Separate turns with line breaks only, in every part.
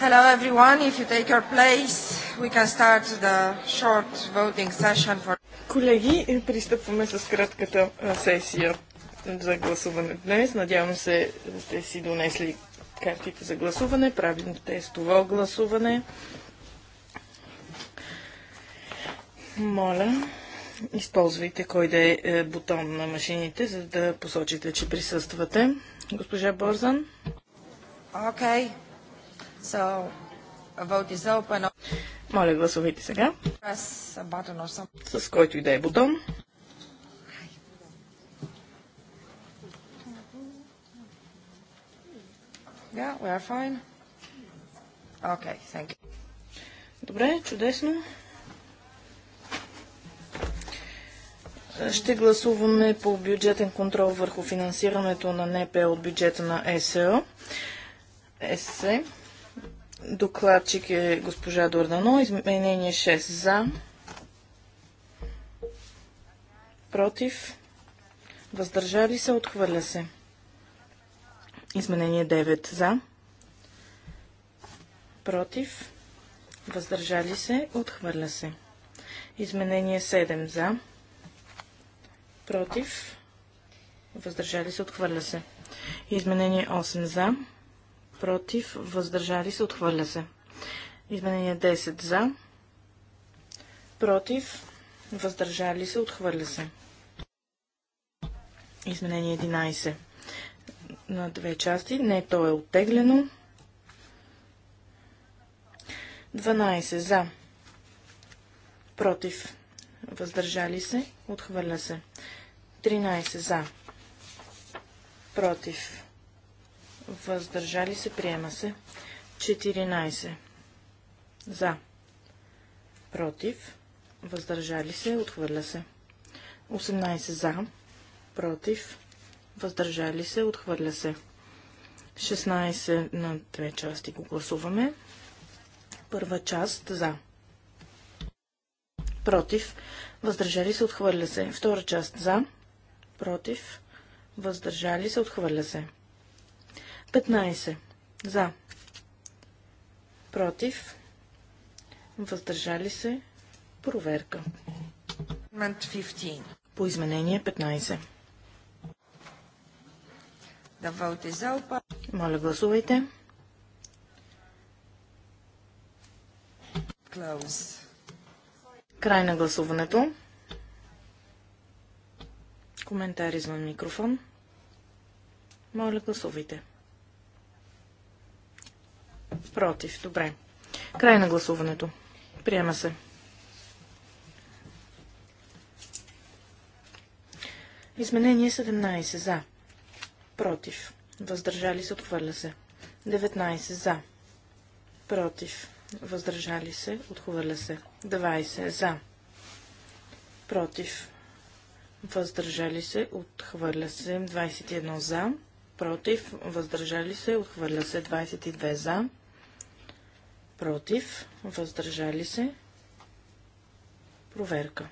Hello
everyone, if you take your place, we can start the short voting session for... Колеги, пристъпваме с кратката сесия за гласуване днес. Надявам се, сте си донесли картите за гласуване, правим тестово гласуване. Моля, използвайте кой да е, е бутон на машините, за да посочите, че присъствате. Госпожа Борзан. Окей. Okay. So, vote is open. Моля, гласувайте сега. С който и да е бутон. Yeah, we are fine. Okay, thank you. Добре, чудесно. Ще гласуваме по бюджетен контрол върху финансирането на НП от бюджета на ЕСЕ. ЕСЕ. Докладчик е госпожа Дордано. Изменение 6 за. Против. Въздържали се. Отхвърля се. Изменение 9 за. Против. Въздържали се. Отхвърля се. Изменение 7 за. Против. Въздържали се. Отхвърля се. Изменение 8 за против, въздържали се, отхвърля се. Изменение 10 за, против, въздържали се, отхвърля се. Изменение 11 на две части. Не, то е оттеглено. 12 за, против, въздържали се, отхвърля се. 13 за, против, въздържали се, приема се. 14 за, против, въздържали се, отхвърля се. 18 за, против, въздържали се, отхвърля се. 16 на две части го гласуваме. Първа част за. Против. Въздържали се, отхвърля се. Втора част за. Против. Въздържали се, отхвърля се. 15. За. Против. Въздържали се. Проверка. По изменение 15. Моля, гласувайте. Close. Край на гласуването. Коментар извън микрофон. Моля, гласувайте. Против. Добре. Край на гласуването. Приема се. Изменение 17. За. Против. Въздържали се. Отхвърля се. 19. За. Против. Въздържали се. Отхвърля се. 20. За. Против. Въздържали се. Отхвърля се. 21. За против, въздържали се, отхвърля се 22 за, против, въздържали се, проверка.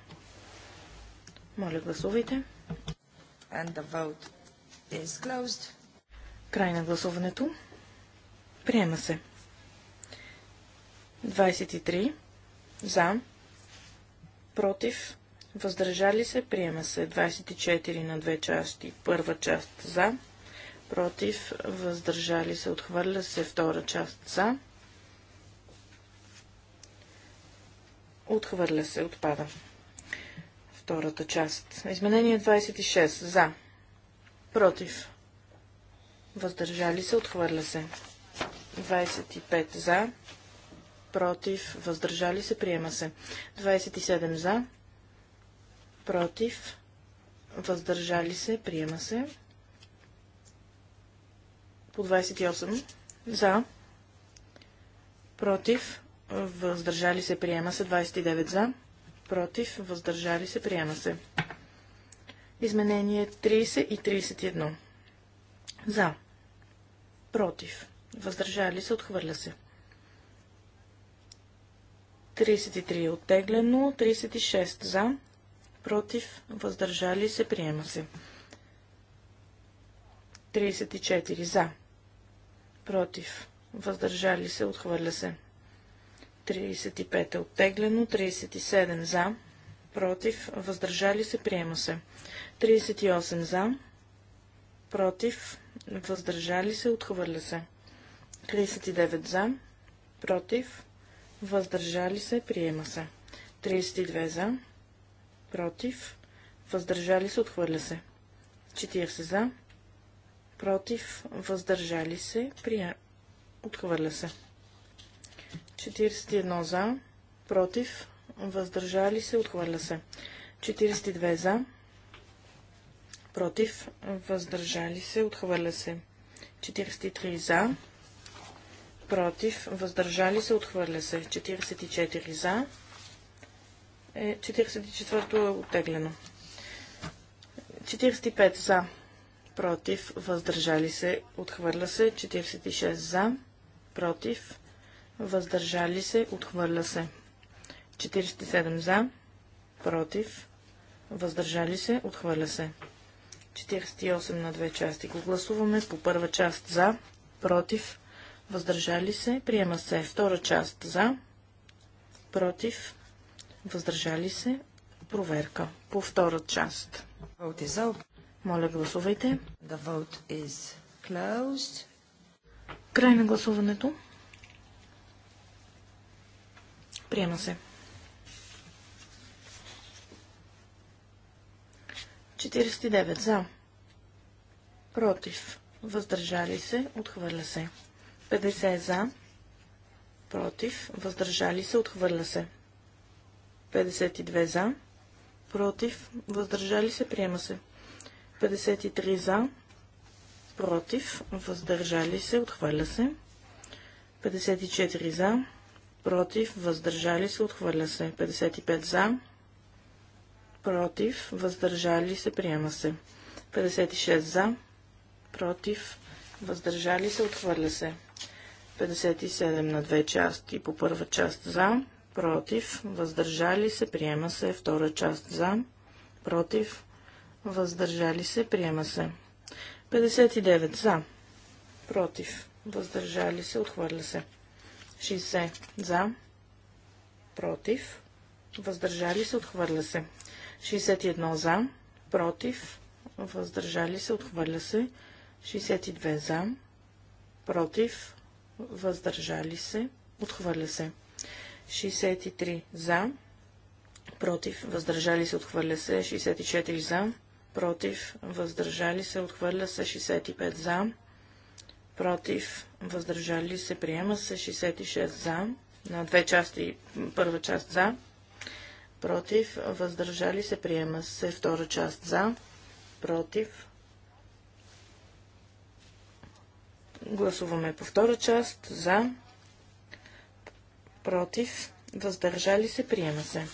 Моля, гласувайте. And the vote is closed. Край на гласуването. Приема се. 23 за, против, въздържали се, приема се 24 на две части, първа част за, против, въздържали се, отхвърля се втора част за, отхвърля се, отпада. Втората част. Изменение 26 за, против, въздържали се, отхвърля се. 25 за, против, въздържали се, приема се. 27 за, против, въздържали се, приема се по 28 за, против, въздържали се, приема се 29 за, против, въздържали се, приема се. Изменение 30 и 31 за, против, въздържали се, отхвърля се. 33 е оттеглено, 36 за, против, въздържали се, приема се. 34 за, против, въздържали се, отхвърля се. 35 е оттеглено, 37 за, против, въздържали се, приема се. 38 за, против, въздържали се, отхвърля се. 39 за, против, въздържали се, приема се. 32 за, против, въздържали се, отхвърля се. 40 за, против, въздържали се, прия... отхвърля се. 41 за, против, въздържали се, отхвърля се. 42 за, против, въздържали се, отхвърля се. 43 за, против, въздържали се, отхвърля се. 44 за, 44 е, е оттеглено. 45 за, против, въздържали се, отхвърля се, 46 за, против, въздържали се, отхвърля се, 47 за, против, въздържали се, отхвърля се. 48 на две части го гласуваме. По първа част за, против, въздържали се, приема се. Втора част за, против, въздържали се, проверка. По втора част. Vote моля, гласувайте. The vote is closed. Край на гласуването. Приема се. 49 за. Против. Въздържали се. Отхвърля се. 50 за. Против. Въздържали се. Отхвърля се. 52 за. Против. Въздържали се. Приема се. 53 за, против, въздържали се, отхвърля се. 54 за, против, въздържали се, отхвърля се. 55 за, против, въздържали се, приема се. 56 за, против, въздържали се, отхвърля се. 57 на две части, по първа част за, против, въздържали се, приема се, втора част за, против, въздържали се, приема се. 59 за, против, въздържали се, отхвърля се. 60 за, против, въздържали се, отхвърля се. 61 за, против, въздържали се, отхвърля се. 62 за, против, въздържали се, отхвърля се. 63 за, против, въздържали се, отхвърля се. 64 за, против, въздържали се, отхвърля се 65 за, против, въздържали се, приема се 66 за, на две части, първа част за, против, въздържали се, приема се втора част за, против. Гласуваме по втора част за, против, въздържали се, приема се.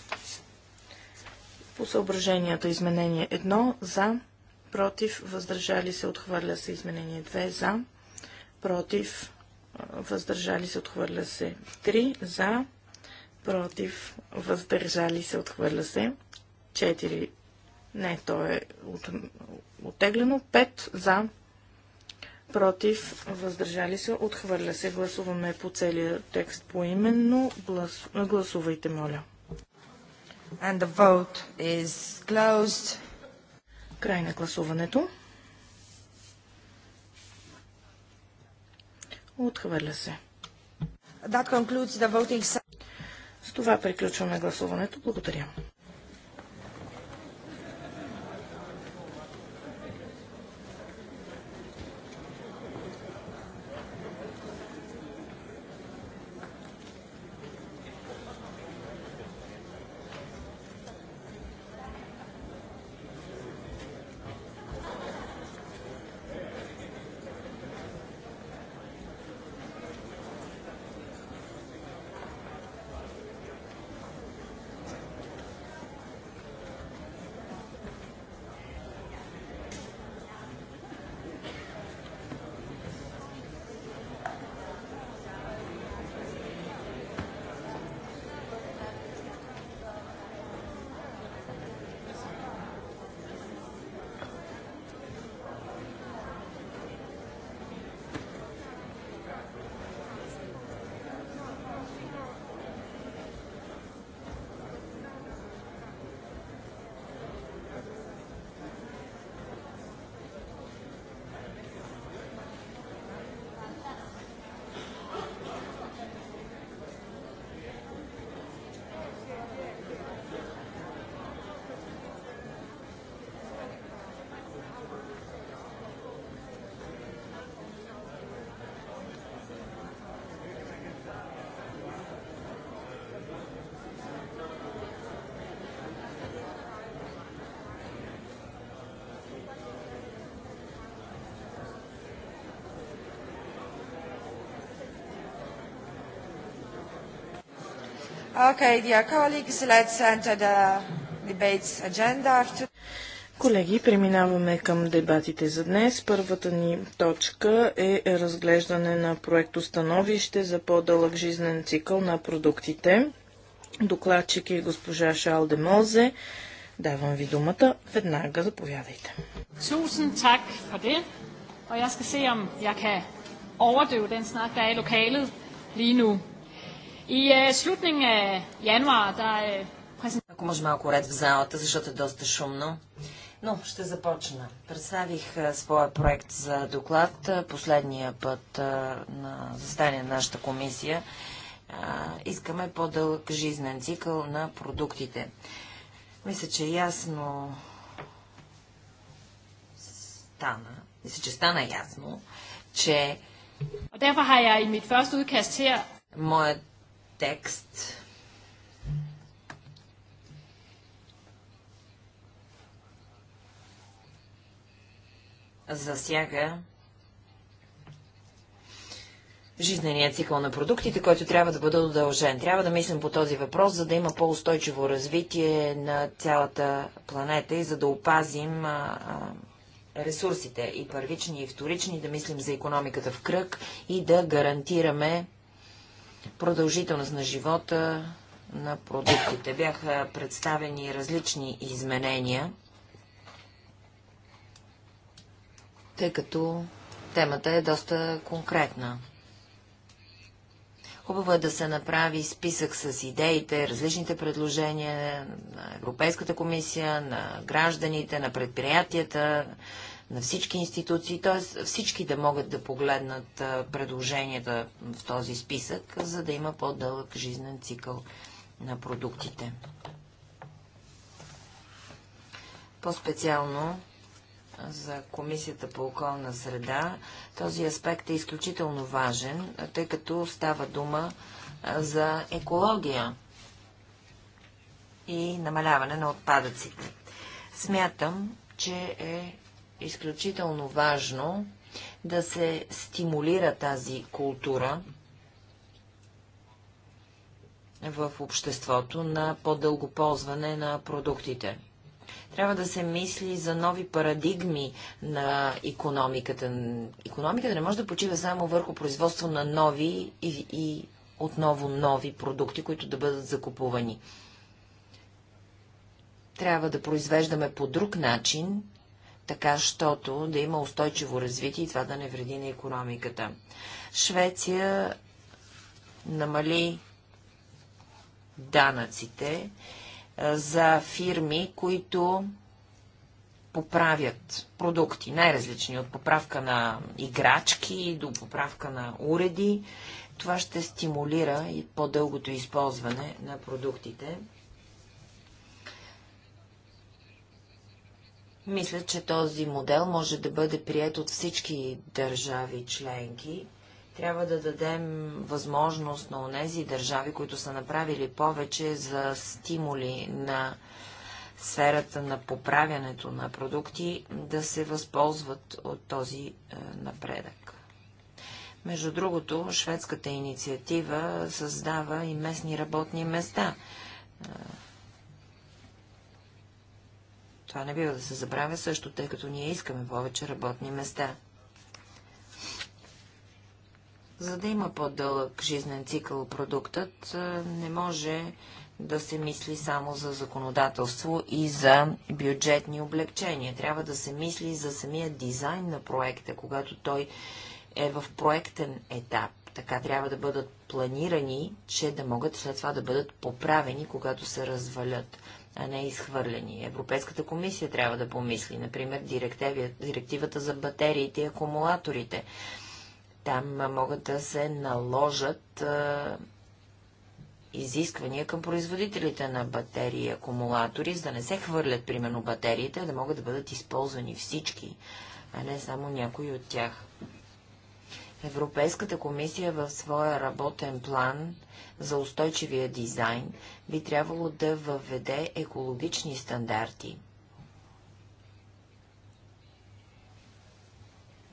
По съображенията изменение 1 за, против, въздържали се, отхвърля се изменение 2 за, против, въздържали се, отхвърля се 3 за, против, въздържали се, отхвърля се 4. Не, то е от, оттеглено. 5 за, против, въздържали се, отхвърля се. Гласуваме по целия текст поименно. Глас, гласувайте, моля. And the vote is closed. Край на гласуването. Отхвърля се. That concludes the voting. С това приключваме гласуването. Благодаря.
Okay, dear colleagues, let's enter the debates
agenda. Колеги, преминаваме към дебатите за днес. Първата ни точка е разглеждане на проекто становище за по-дълъг жизнен цикъл на продуктите. Докладчик е госпожа Шал де Молзе. Давам ви думата. Веднага заповядайте. Tusind tak for det. Og jeg skal se, om jeg kan overdøve den snak, der er i lokalet lige nu. И е, слутнинг е януар, да е...
Ако може малко ред в залата, защото е доста шумно. Но ще започна. Представих е, своя проект за доклад е, последния път е, на заседание на нашата комисия. Искаме по-дълъг жизнен цикъл на продуктите. Мисля, че ясно стана. Мисля, че стана ясно, че Моят текст. Засяга жизненият цикъл на продуктите, който трябва да бъде удължен. Трябва да мислим по този въпрос, за да има по-устойчиво развитие на цялата планета и за да опазим ресурсите и първични и вторични, да мислим за економиката в кръг и да гарантираме продължителност на живота на продуктите. Бяха представени различни изменения, тъй като темата е доста конкретна. Хубаво е да се направи списък с идеите, различните предложения на Европейската комисия, на гражданите, на предприятията, на всички институции, т.е. всички да могат да погледнат предложенията в този списък, за да има по-дълъг жизнен цикъл на продуктите. По-специално за Комисията по околна среда, този аспект е изключително важен, тъй като става дума за екология и намаляване на отпадъците. Смятам, че е изключително важно да се стимулира тази култура в обществото на по-дълго ползване на продуктите. Трябва да се мисли за нови парадигми на економиката. Економиката не може да почива само върху производство на нови и, и отново нови продукти, които да бъдат закупувани. Трябва да произвеждаме по друг начин така, щото да има устойчиво развитие и това да не вреди на економиката. Швеция намали данъците за фирми, които поправят продукти, най-различни, от поправка на играчки до поправка на уреди. Това ще стимулира и по-дългото използване на продуктите Мисля, че този модел може да бъде прият от всички държави членки. Трябва да дадем възможност на тези държави, които са направили повече за стимули на сферата на поправянето на продукти, да се възползват от този е, напредък. Между другото, шведската инициатива създава и местни работни места. Е, това не бива да се забравя също, тъй като ние искаме повече работни места. За да има по-дълъг жизнен цикъл продуктът, не може да се мисли само за законодателство и за бюджетни облегчения. Трябва да се мисли за самия дизайн на проекта, когато той е в проектен етап. Така трябва да бъдат планирани, че да могат след това да бъдат поправени, когато се развалят а не изхвърлени. Европейската комисия трябва да помисли, например, директивата за батериите и акумулаторите. Там могат да се наложат а, изисквания към производителите на батерии и акумулатори, за да не се хвърлят, примерно, батериите, а да могат да бъдат използвани всички, а не само някои от тях. Европейската комисия в своя работен план за устойчивия дизайн би трябвало да въведе екологични стандарти.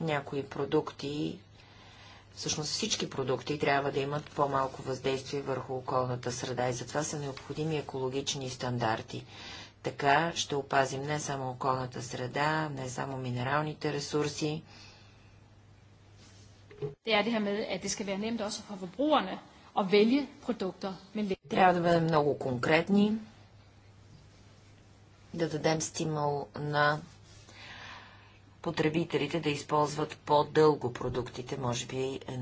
Някои продукти, всъщност всички продукти трябва да имат по-малко въздействие върху околната среда и затова са необходими екологични стандарти. Така ще опазим не само околната среда, не само минералните ресурси,
det er det her med, at det skal være nemt også for forbrugerne at vælge produkter med
Трябва да бъдем много конкретни, да дадем стимул на потребителите да използват по-дълго продуктите. Може би е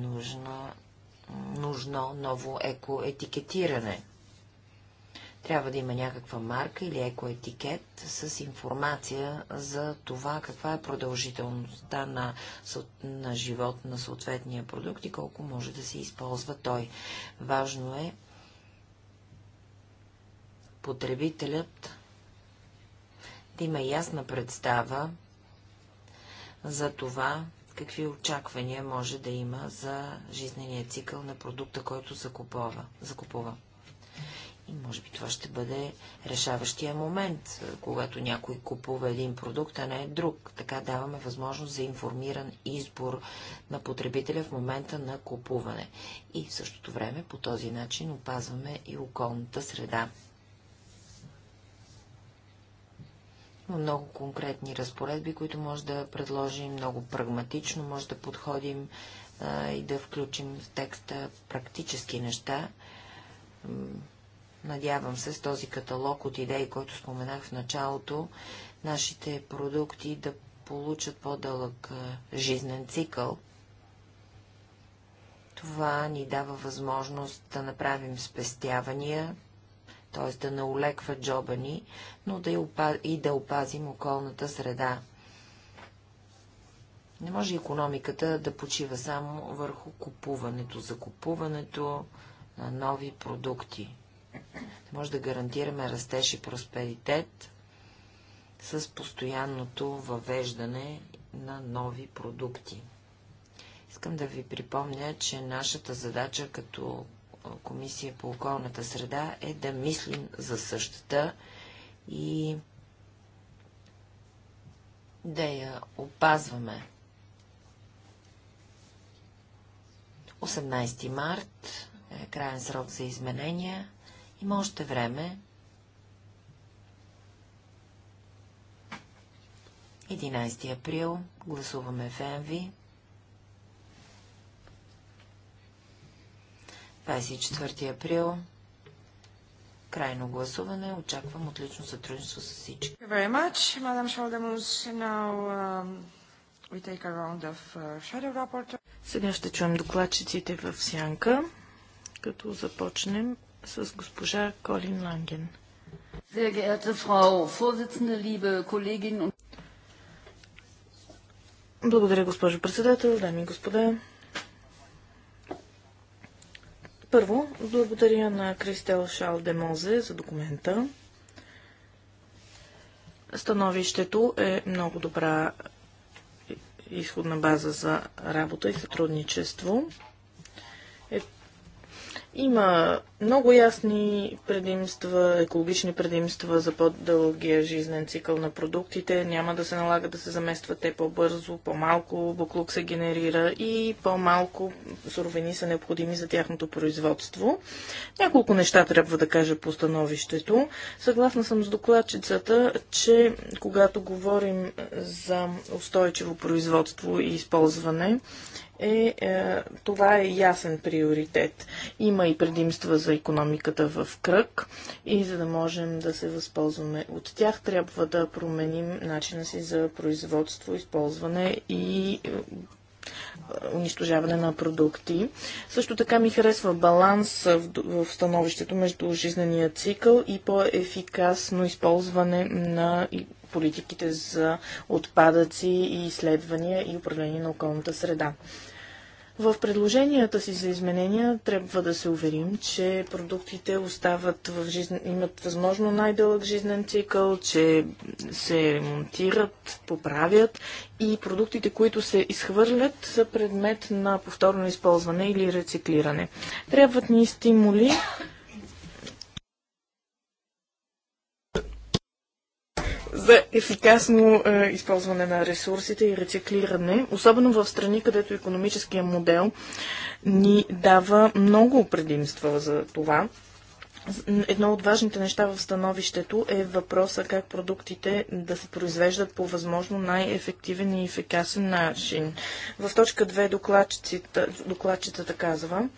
нужно ново екоетикетиране. Трябва да има някаква марка или екоетикет с информация за това каква е продължителността на, на живот на съответния продукт и колко може да се използва той. Важно е потребителят да има ясна представа за това, какви очаквания може да има за жизнения цикъл на продукта, който закупува. закупува. И може би това ще бъде решаващия момент, е, когато някой купува един продукт, а не е друг. Така даваме възможност за информиран избор на потребителя в момента на купуване. И в същото време по този начин опазваме и околната среда. много конкретни разпоредби, които може да предложим, много прагматично може да подходим а, и да включим в текста практически неща Надявам се с този каталог от идеи, който споменах в началото, нашите продукти да получат по-дълъг жизнен цикъл. Това ни дава възможност да направим спестявания, т.е. да наулеква джоба ни, но да и, и да опазим околната среда. Не може економиката да почива само върху купуването, закупуването на нови продукти може да гарантираме растеж и просперитет с постоянното въвеждане на нови продукти. Искам да ви припомня, че нашата задача като Комисия по околната среда е да мислим за същата и да я опазваме. 18 март е краен срок за изменения. Има още време. 11 април. Гласуваме в ЕМВИ. 24 април. Крайно гласуване. Очаквам отлично сътрудничество с всички.
Um, uh, Сега ще чуем докладчиците в сянка, като започнем с госпожа Колин Ланген. благодаря, госпожо председател, дами и господа. Първо, благодаря на Кристел Шал де Мозе за документа. Становището е много добра изходна база за работа и сътрудничество. Има много ясни предимства, екологични предимства за по-дългия жизнен цикъл на продуктите. Няма да се налага да се заместват те по-бързо, по-малко буклук се генерира и по-малко суровини са необходими за тяхното производство. Няколко неща трябва да кажа по становището. Съгласна съм с докладчицата, че когато говорим за устойчиво производство и използване, е, е това е ясен приоритет. Има и предимства за економиката в кръг и за да можем да се възползваме от тях, трябва да променим начина си за производство, използване и е, унищожаване на продукти. Също така ми харесва баланс в, становището между жизнения цикъл и по-ефикасно използване на политиките за отпадъци и изследвания и управление на околната среда. В предложенията си за изменения трябва да се уверим, че продуктите остават в жизн... имат възможно най-дълъг жизнен цикъл, че се ремонтират, поправят и продуктите, които се изхвърлят, са предмет на повторно използване или рециклиране. Трябват ни стимули за ефикасно е, използване на ресурсите и рециклиране, особено в страни, където економическия модел ни дава много предимства за това. Едно от важните неща в становището е въпроса как продуктите да се произвеждат по възможно най-ефективен и ефикасен начин. В точка 2 докладчицата, казва,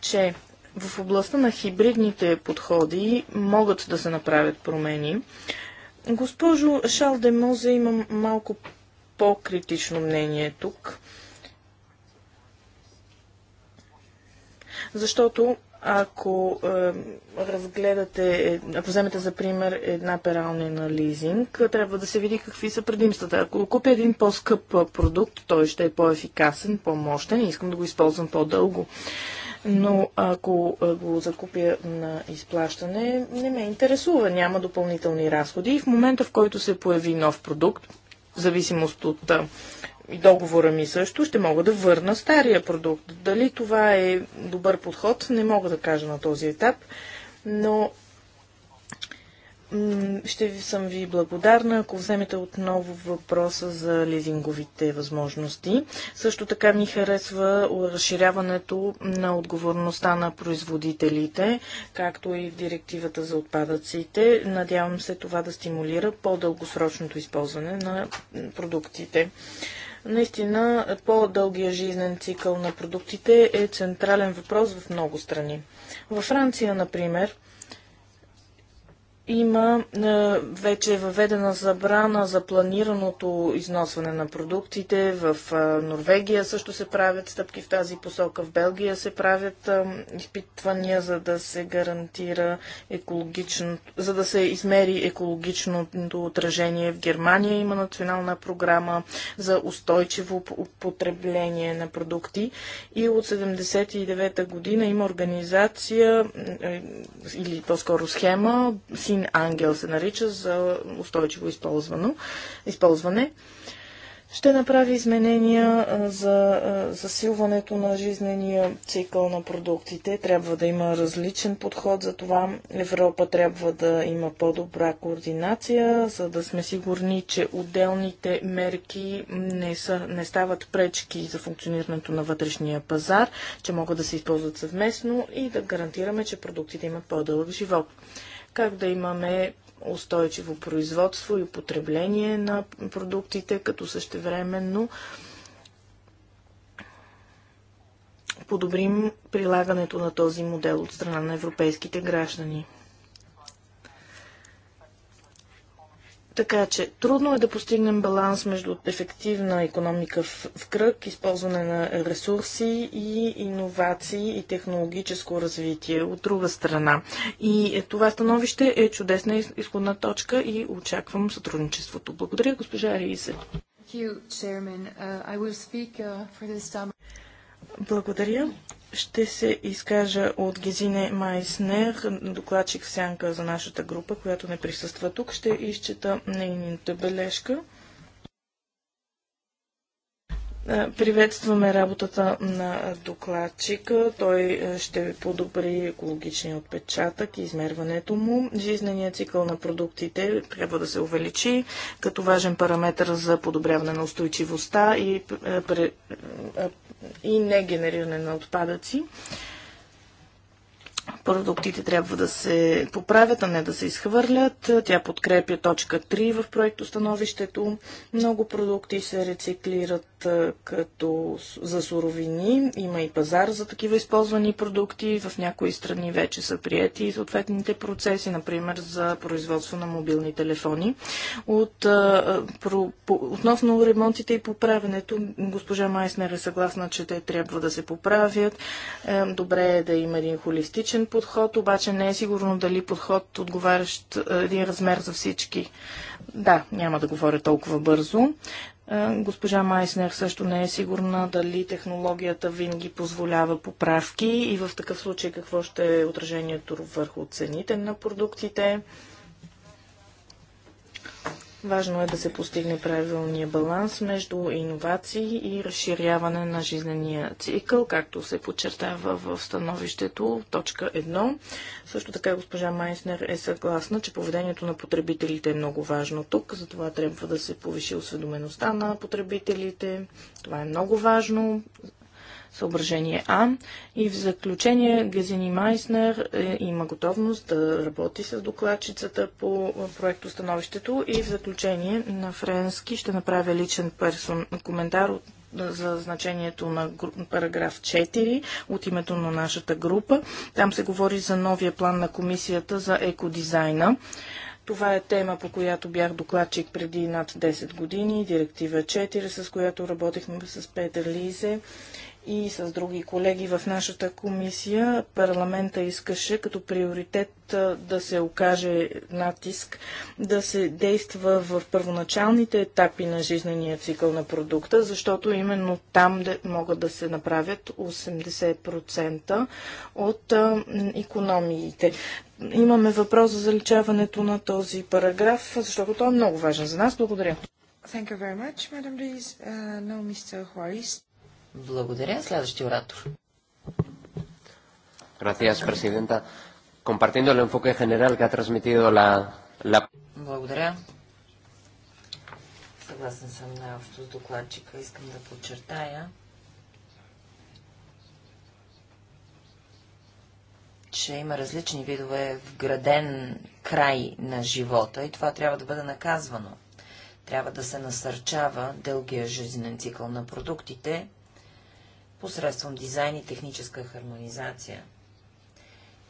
че в областта на хибридните подходи могат да се направят промени. Госпожо Шал де Моза, имам малко по-критично мнение тук. Защото ако е, разгледате, е, ако вземете за пример една пералня на лизинг, трябва да се види какви са предимствата. Ако купя един по-скъп продукт, той ще е по-ефикасен, по-мощен и искам да го използвам по-дълго но ако го закупя на изплащане, не ме интересува, няма допълнителни разходи и в момента, в който се появи нов продукт, в зависимост от и договора ми също, ще мога да върна стария продукт. Дали това е добър подход, не мога да кажа на този етап, но ще съм ви благодарна, ако вземете отново въпроса за лизинговите възможности. Също така ми харесва разширяването на отговорността на производителите, както и в директивата за отпадъците. Надявам се това да стимулира по-дългосрочното използване на продуктите. Наистина, по-дългия жизнен цикъл на продуктите е централен въпрос в много страни. Във Франция, например, има е, вече е въведена забрана за планираното износване на продуктите. В е, Норвегия също се правят стъпки в тази посока. В Белгия се правят е, изпитвания, за да се гарантира екологично, за да се измери екологичното отражение. В Германия има национална програма за устойчиво потребление на продукти. И от 79-та година има организация е, или по-скоро схема, си син ангел се нарича за устойчиво използване ще направи изменения за засилването на жизнения цикъл на продуктите. Трябва да има различен подход за това. Европа трябва да има по-добра координация, за да сме сигурни, че отделните мерки не, са, не стават пречки за функционирането на вътрешния пазар, че могат да се използват съвместно и да гарантираме, че продуктите имат по-дълъг живот как да имаме устойчиво производство и употребление на продуктите, като същевременно подобрим прилагането на този модел от страна на европейските граждани. Така че трудно е да постигнем баланс между ефективна економика в, в кръг, използване на ресурси и иновации и технологическо развитие от друга страна. И е, това становище е чудесна изходна точка и очаквам сътрудничеството. Благодаря, госпожа Риисе. Uh, uh, Благодаря. Ще се изкажа от Гезине Майснер, докладчик в сянка за нашата група, която не присъства тук. Ще изчета нейната бележка. Е, приветстваме работата на докладчика. Той е, ще подобри екологичния отпечатък и измерването му. Жизненият цикъл на продуктите трябва да се увеличи като важен параметр за подобряване на устойчивостта и, е, и негенериране на отпадъци. Продуктите трябва да се поправят, а не да се изхвърлят. Тя подкрепя точка 3 в проектостановището. Много продукти се рециклират като за суровини. Има и пазар за такива използвани продукти. В някои страни вече са прияти съответните процеси, например за производство на мобилни телефони. От, про, по, относно ремонтите и поправенето, госпожа Майснер е съгласна, че те трябва да се поправят. Добре е да има един холистичен подход, обаче не е сигурно дали подход отговарящ е, един размер за всички. Да, няма да говоря толкова бързо. Е, госпожа Майснер също не е сигурна дали технологията винаги позволява поправки и в такъв случай какво ще е отражението върху цените на продуктите. Важно е да се постигне правилния баланс между иновации и разширяване на жизнения цикъл, както се подчертава в становището точка 1. Също така госпожа Майснер е съгласна, че поведението на потребителите е много важно тук, затова трябва да се повиши осведомеността на потребителите. Това е много важно съображение А. И в заключение Газини Майснер е, има готовност да работи с докладчицата по проекто становището и в заключение на Френски ще направя личен персон коментар от за значението на параграф 4 от името на нашата група. Там се говори за новия план на комисията за екодизайна. Това е тема, по която бях докладчик преди над 10 години, директива 4, с която работихме с Петър Лизе и с други колеги в нашата комисия, парламента искаше като приоритет да се окаже натиск, да се действа в първоначалните етапи на жизнения цикъл на продукта, защото именно там могат да се направят 80% от економиите. Имаме въпрос за заличаването на този параграф, защото той е много важен за нас. Благодаря. Thank you very much, Madam Rees. Uh, no, Mr.
Благодаря. Следващия оратор.
Gracias, Presidenta. Compartiendo el enfoque general que ha transmitido la... la...
Благодаря. Съгласен съм най-общо с докладчика. Искам да подчертая, че има различни видове вграден край на живота и това трябва да бъде наказвано. Трябва да се насърчава дългия жизнен цикъл на продуктите посредством дизайн и техническа хармонизация.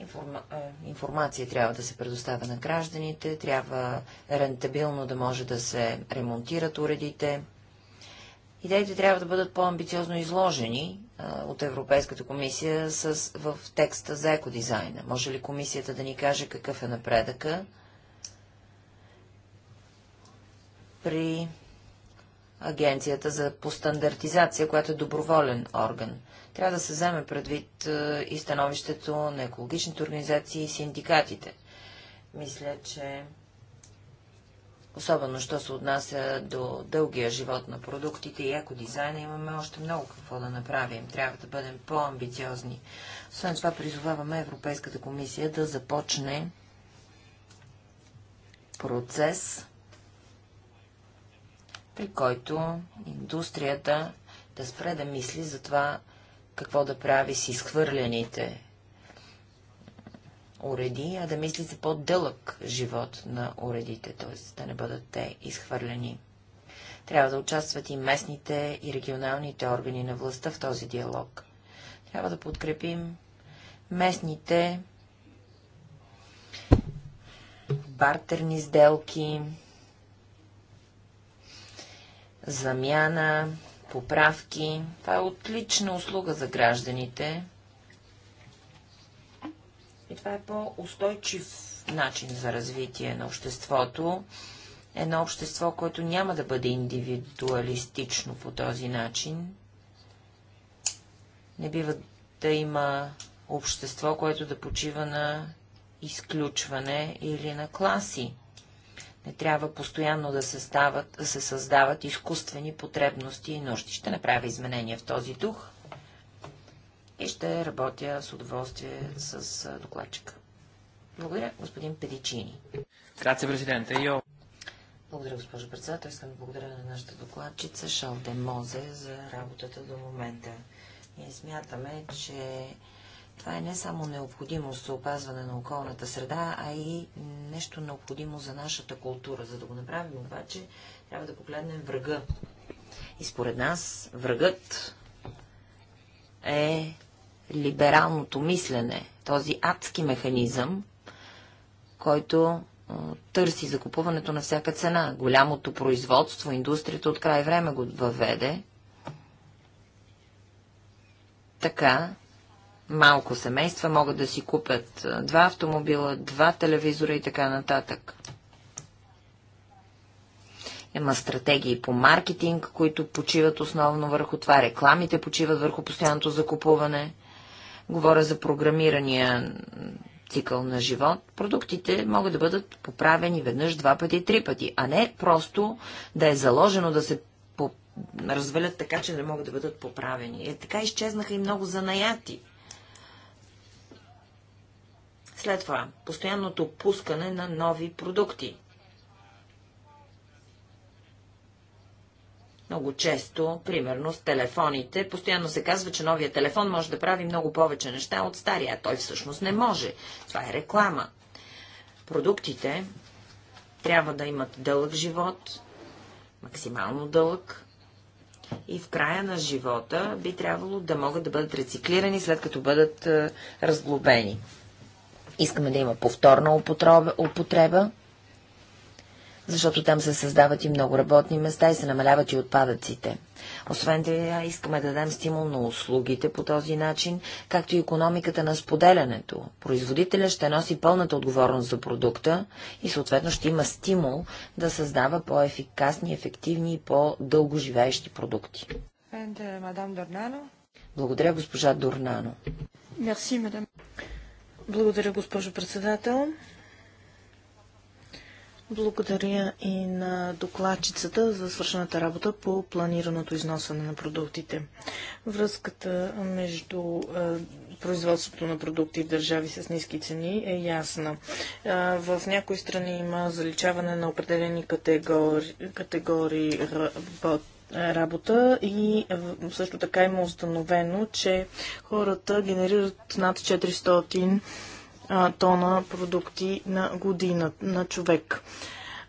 Информа... Информация трябва да се предоставя на гражданите, трябва рентабилно да може да се ремонтират уредите. Идеите трябва да бъдат по-амбициозно изложени а, от Европейската комисия с, в текста за екодизайна. Може ли комисията да ни каже какъв е напредъка при агенцията за по стандартизация, която е доброволен орган. Трябва да се вземе предвид е, и становището на екологичните организации и синдикатите. Мисля, че особено, що се отнася до дългия живот на продуктите и екодизайна, имаме още много какво да направим. Трябва да бъдем по-амбициозни. Освен това, призоваваме Европейската комисия да започне процес при който индустрията да спре да мисли за това, какво да прави с изхвърляните уреди, а да мисли за по-дълъг живот на уредите, т.е. да не бъдат те изхвърлени. Трябва да участват и местните и регионалните органи на властта в този диалог. Трябва да подкрепим местните бартерни сделки, замяна, поправки. Това е отлична услуга за гражданите. И това е по-устойчив начин за развитие на обществото. Едно общество, което няма да бъде индивидуалистично по този начин. Не бива да има общество, което да почива на изключване или на класи. Не трябва постоянно да се, стават, да се създават изкуствени потребности и нужди. Ще направя изменения в този дух и ще работя с удоволствие с докладчика. Благодаря, господин Педичини. Грация, президента Йо. Благодаря, госпожо председател. Искам да благодаря на нашата докладчица Шалде Мозе за работата до момента. Ние смятаме, че това е не само необходимост за опазване на околната среда, а и нещо необходимо за нашата култура. За да го направим обаче, трябва да погледнем врага. И според нас врагът е либералното мислене, този адски механизъм, който търси закупуването на всяка цена. Голямото производство, индустрията от край време го въведе. Така, малко семейства могат да си купят два автомобила, два телевизора и така нататък. Има стратегии по маркетинг, които почиват основно върху това. Рекламите почиват върху постоянното закупуване. Говоря за програмирания цикъл на живот. Продуктите могат да бъдат поправени веднъж, два пъти, три пъти, а не просто да е заложено да се развалят така, че не могат да бъдат поправени. Е, така изчезнаха и много занаяти. След това, постоянното пускане на нови продукти. Много често, примерно с телефоните, постоянно се казва, че новия телефон може да прави много повече неща от стария, а той всъщност не може. Това е реклама. Продуктите трябва да имат дълъг живот, максимално дълъг, и в края на живота би трябвало да могат да бъдат рециклирани, след като бъдат е, разглобени. Искаме да има повторна употреба, защото там се създават и много работни места и се намаляват и отпадъците. Освен това, искаме да дадем стимул на услугите по този начин, както и економиката на споделянето. Производителя ще носи пълната отговорност за продукта и съответно ще има стимул да създава по-ефикасни, ефективни и по-дългоживеещи продукти.
Uh,
Благодаря, госпожа Дорнано.
Благодаря, госпожо председател. Благодаря и на докладчицата за свършената работа по планираното износване на продуктите. Връзката между производството на продукти в държави с ниски цени е ясна. В някои страни има заличаване на определени категори... категории, работ работа и също така има установено, че хората генерират над 400 тона продукти на година на човек.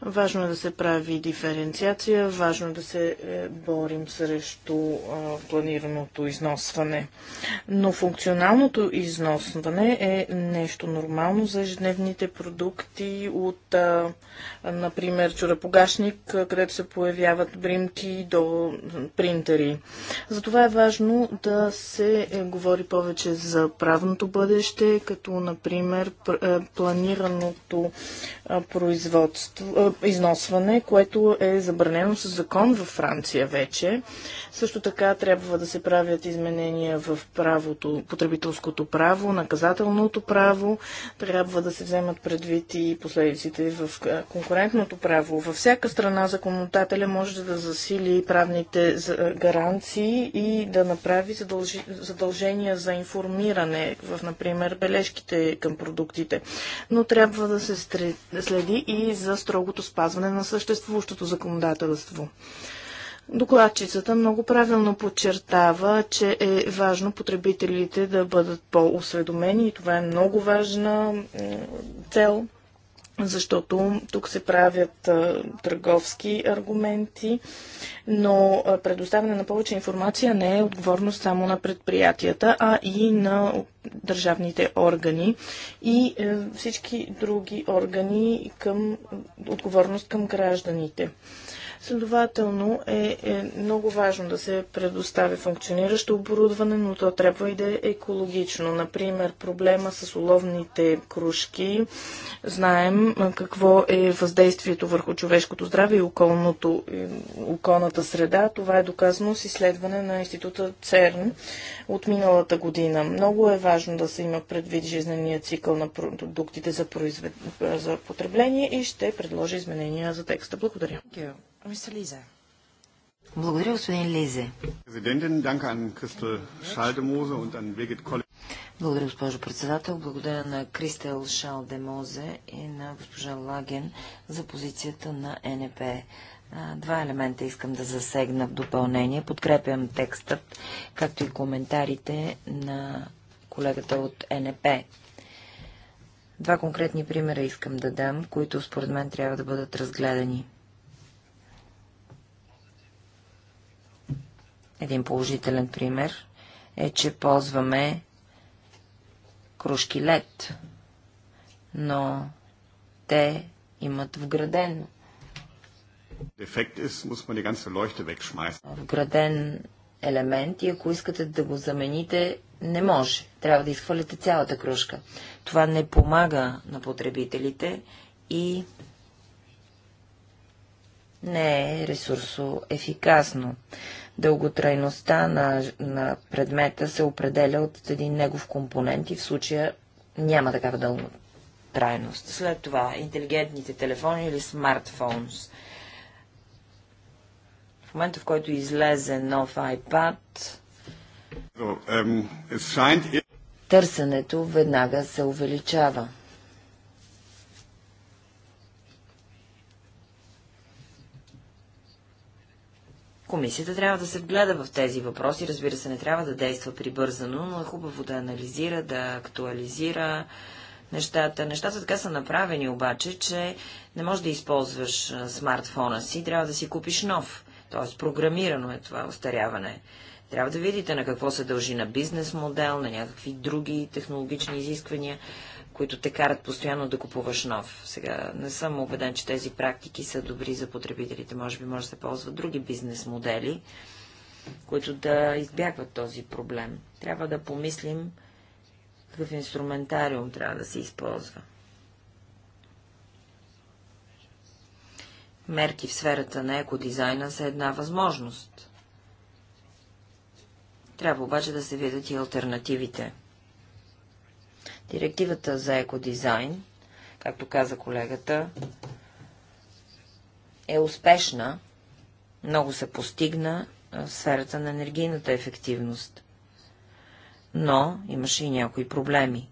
Важно е да се прави диференциация, важно е да се е, борим срещу е, планираното износване. Но функционалното износване е нещо нормално за ежедневните продукти от, е, например, чурапогашник, където се появяват бримки до принтери. Затова е важно да се говори повече за правното бъдеще, като, например, планираното производство, износване, което е забранено с закон във Франция вече. Също така трябва да се правят изменения в правото, потребителското право, наказателното право. Трябва да се вземат предвид и последиците в конкурентното право. Във всяка страна законодателя може да засили правните гаранции и да направи задължения за информиране в, например, бележките към продуктите. Но трябва да се следи и за строгото правилното спазване на съществуващото законодателство. Докладчицата много правилно подчертава, че е важно потребителите да бъдат по-осведомени и това е много важна цел защото тук се правят а, търговски аргументи, но а, предоставяне на повече информация не е отговорност само на предприятията, а и на държавните органи и а, е, всички други органи към отговорност към гражданите. Следователно е, е много важно да се предостави функциониращо оборудване, но то трябва и да е екологично. Например, проблема с уловните кружки. Знаем какво е въздействието върху човешкото здраве и околното, и околната среда. Това е доказано с изследване на института ЦЕРН от миналата година. Много е важно да се има предвид жизнения цикъл на продуктите за, произвед... за потребление и ще предложа изменения за текста. Благодаря. Mr. Lise. Благодаря, господин Лизе.
Благодаря, госпожо председател. Благодаря на Кристел Шалдемозе и на госпожа Лаген за позицията на НП. Два елемента искам да засегна в допълнение. Подкрепям текстът, както и коментарите на колегата от НП. Два конкретни примера искам да дам, които според мен трябва да бъдат разгледани. Един положителен пример е, че ползваме кружки лед, но те имат вграден. Е, вграден елемент и ако искате да го замените, не може. Трябва да изхвърлите цялата кружка. Това не помага на потребителите и не е ресурсо ефикасно дълготрайността на, на предмета се определя от един негов компонент и в случая няма такава дълготрайност. След това интелигентните телефони или смартфонс. В момента, в който излезе нов iPad,
um,
търсенето веднага се увеличава. Комисията трябва да се вгледа в тези въпроси. Разбира се, не трябва да действа прибързано, но е хубаво да анализира, да актуализира нещата. Нещата така са направени обаче, че не можеш да използваш смартфона си, трябва да си купиш нов. Тоест, програмирано е това остаряване. Трябва да видите на какво се дължи на бизнес модел, на някакви други технологични изисквания които те карат постоянно да купуваш нов. Сега не съм убеден, че тези практики са добри за потребителите. Може би може да се ползват други бизнес модели, които да избягват този проблем. Трябва да помислим какъв инструментариум трябва да се използва. Мерки в сферата на екодизайна са една възможност. Трябва обаче да се видят и альтернативите. Директивата за екодизайн, както каза колегата, е успешна. Много се постигна в сферата на енергийната ефективност. Но имаше и някои проблеми.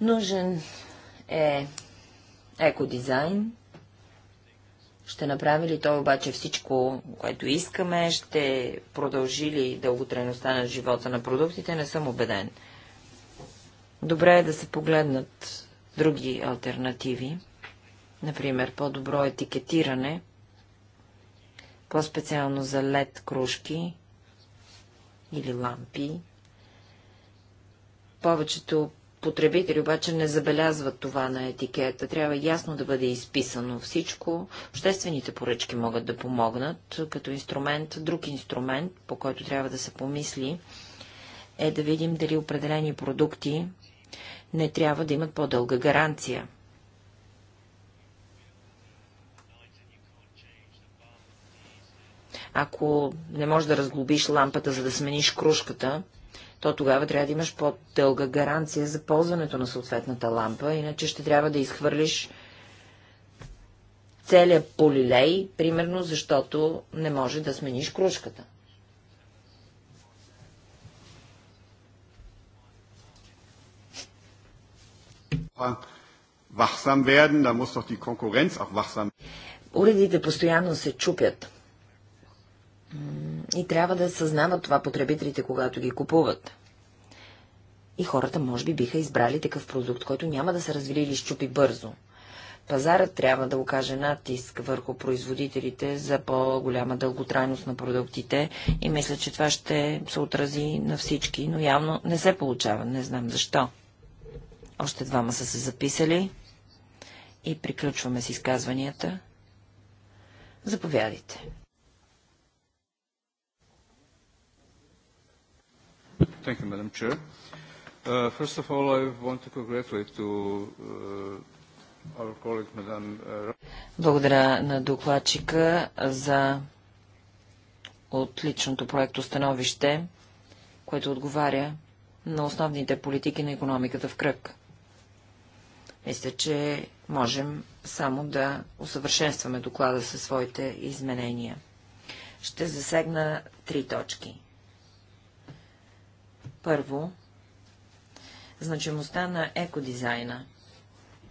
Нужен е екодизайн. Ще направи ли той обаче всичко, което искаме? Ще продължи ли дълготрайността на живота на продуктите? Не съм убеден. Добре е да се погледнат други альтернативи. Например, по-добро етикетиране, по-специално за лед кружки или лампи. Повечето потребители обаче не забелязват това на етикета. Трябва ясно да бъде изписано всичко. Обществените поръчки могат да помогнат като инструмент. Друг инструмент, по който трябва да се помисли, е да видим дали определени продукти не трябва да имат по-дълга гаранция. Ако не можеш да разглобиш лампата, за да смениш кружката, то тогава трябва да имаш по-дълга гаранция за ползването на съответната лампа, иначе ще трябва да изхвърлиш целият полилей, примерно защото не може да смениш кружката.
wachsam werden, da muss doch die Konkurrenz auch wachsam Уредите
постоянно се чупят. И трябва да съзнават това потребителите, когато ги купуват. И хората, може би, биха избрали такъв продукт, който няма да се развили или щупи бързо. Пазарът трябва да окаже натиск върху производителите за по-голяма дълготрайност на продуктите и мисля, че това ще се отрази на всички, но явно не се получава. Не знам защо. Още двама са се записали и приключваме с изказванията. Заповядайте.
Thank you, Madam Chair. Uh, first of all, I want to congratulate to uh, our colleague, Madam. Uh,
Благодаря на докладчика за отличното проекто становище, което отговаря на основните политики на економиката в кръг. Мисля, че можем само да усъвършенстваме доклада със своите изменения. Ще засегна три точки. Първо, значимостта на екодизайна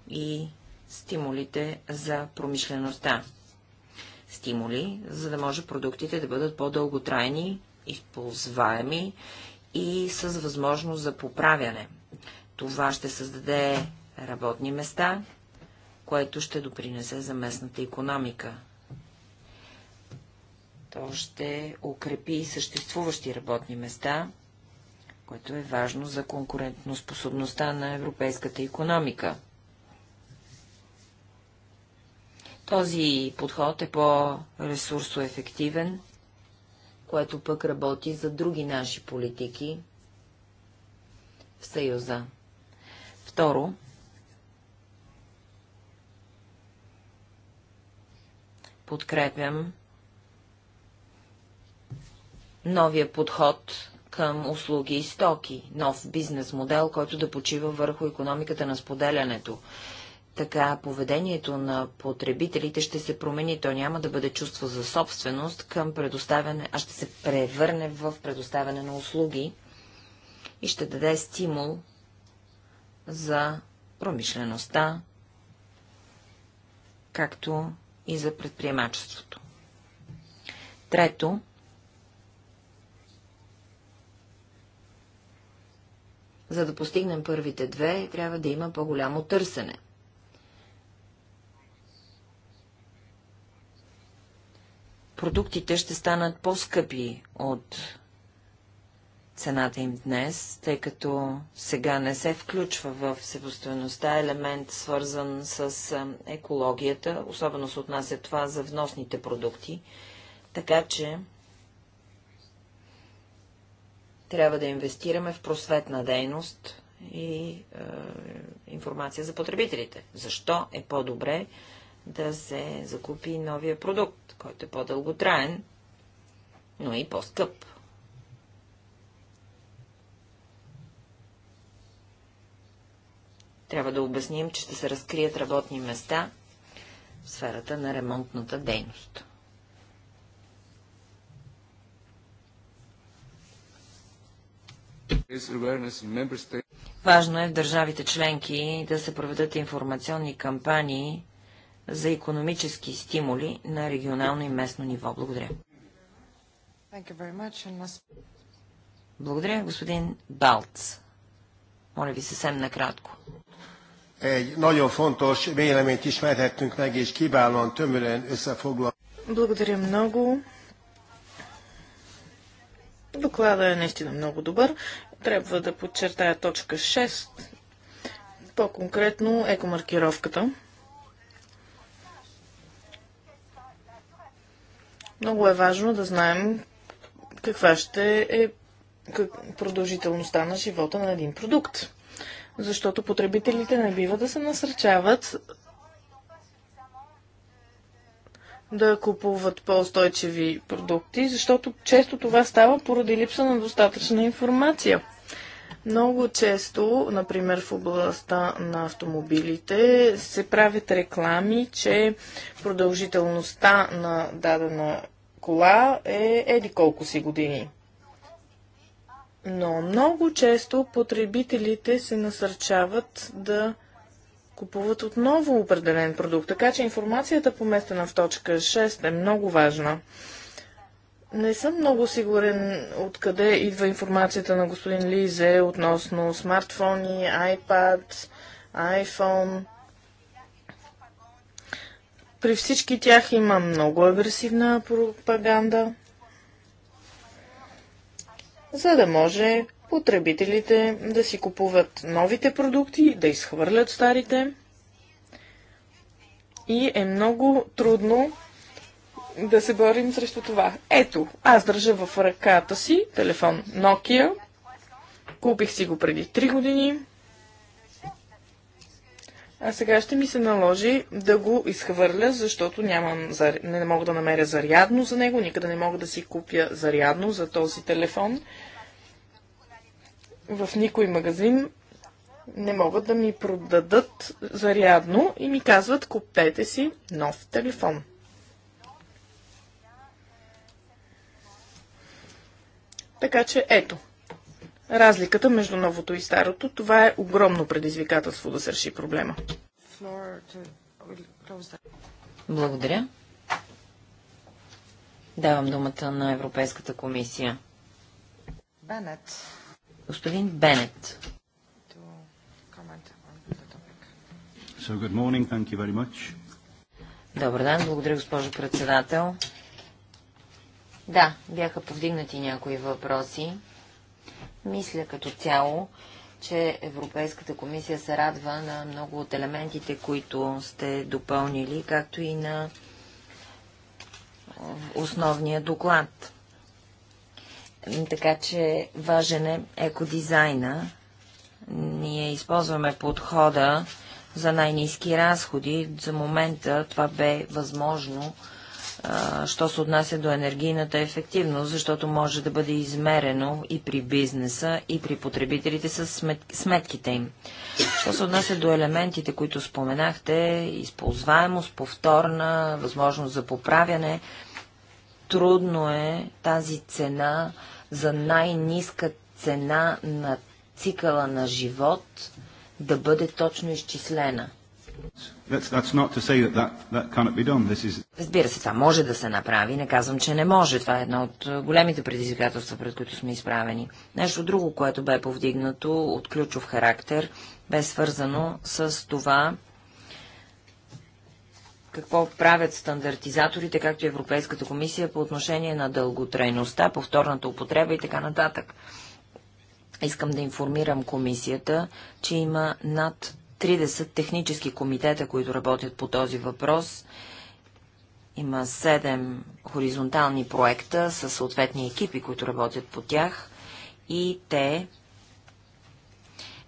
и стимулите за промишлеността. Стимули, за да може продуктите да бъдат по-дълготрайни, използваеми и с възможност за поправяне. Това ще създаде работни места, което ще допринесе за местната економика. То ще укрепи съществуващи работни места – което е важно за конкурентноспособността на европейската економика. Този подход е по ресурсоефективен което пък работи за други наши политики в Съюза. Второ, подкрепям новия подход към услуги и стоки, нов бизнес модел, който да почива върху економиката на споделянето. Така поведението на потребителите ще се промени. То няма да бъде чувство за собственост към предоставяне, а ще се превърне в предоставяне на услуги и ще даде стимул за промишлеността, както и за предприемачеството. Трето, За да постигнем първите две, трябва да има по-голямо търсене. Продуктите ще станат по-скъпи от цената им днес, тъй като сега не се включва в себостоеността елемент, свързан с екологията, особено се отнася това за вносните продукти, така че трябва да инвестираме в просветна дейност и е, информация за потребителите. Защо е по-добре да се закупи новия продукт, който е по-дълготраен, но и по-скъп. Трябва да обясним, че ще се разкрият работни места в сферата на ремонтната дейност. Важно е в държавите членки да се проведат информационни кампании за економически стимули на регионално и местно ниво. Благодаря. Благодаря, господин Балц. Моля ви съвсем накратко.
Благодаря много. Доклада е наистина много добър. Трябва да подчертая точка 6, по-конкретно екомаркировката. Много е важно да знаем каква ще е продължителността на живота на един продукт. Защото потребителите не бива да се насърчават да купуват по-устойчиви продукти, защото често това става поради липса на достатъчна информация. Много често, например в областта на автомобилите, се правят реклами, че продължителността на дадена кола е еди колко си години. Но много често потребителите се насърчават да купуват отново определен продукт. Така че информацията поместена в точка 6 е много важна. Не съм много сигурен откъде идва информацията на господин Лизе относно смартфони, iPad, iPhone. При всички тях има много агресивна пропаганда, за да може потребителите да си купуват новите продукти, да изхвърлят старите. И е много трудно да се борим срещу това. Ето, аз държа в ръката си телефон Nokia. Купих си го преди 3 години. А сега ще ми се наложи да го изхвърля, защото нямам, не мога да намеря зарядно за него, никъде не мога да си купя зарядно за този телефон в никой магазин не могат да ми продадат зарядно и ми казват купете си нов телефон. Така че ето, разликата между новото и старото, това е огромно предизвикателство да се реши проблема. Благодаря.
Давам думата на Европейската комисия. Бенет. Господин Бенет. Добър ден, благодаря госпожо председател. Да, бяха повдигнати някои въпроси. Мисля като цяло, че Европейската комисия се радва на много от елементите, които сте допълнили, както и на основния доклад. Така че важен е екодизайна. Ние използваме подхода за най-низки разходи. За момента това бе възможно, що се отнася до енергийната ефективност, защото може да бъде измерено и при бизнеса, и при потребителите с смет... сметките им. Що се отнася до елементите, които споменахте, използваемост, повторна, възможност за поправяне, трудно е тази цена за най-ниска цена на цикъла на живот да бъде точно изчислена. Разбира се, това може да се направи. Не казвам, че не може. Това е едно от големите предизвикателства, пред които сме изправени. Нещо друго, което бе повдигнато от ключов характер, бе свързано с това какво правят стандартизаторите, както и Европейската комисия по отношение на дълготрайността, повторната употреба и така нататък. Искам да информирам комисията, че има над 30 технически комитета, които работят по този въпрос. Има 7 хоризонтални проекта с съответни екипи, които работят по тях и те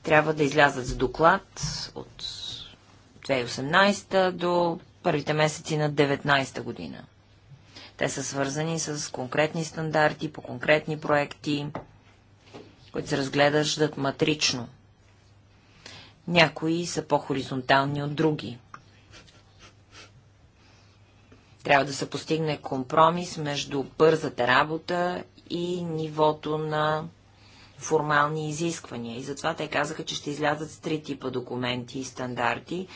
трябва да излязат с доклад от 2018 до първите месеци на 19-та година. Те са свързани с конкретни стандарти, по конкретни проекти, които се разглеждат матрично. Някои са по-хоризонтални от други. Трябва да се постигне компромис между бързата работа и нивото на формални изисквания. И затова те казаха, че ще излязат с три типа документи и стандарти,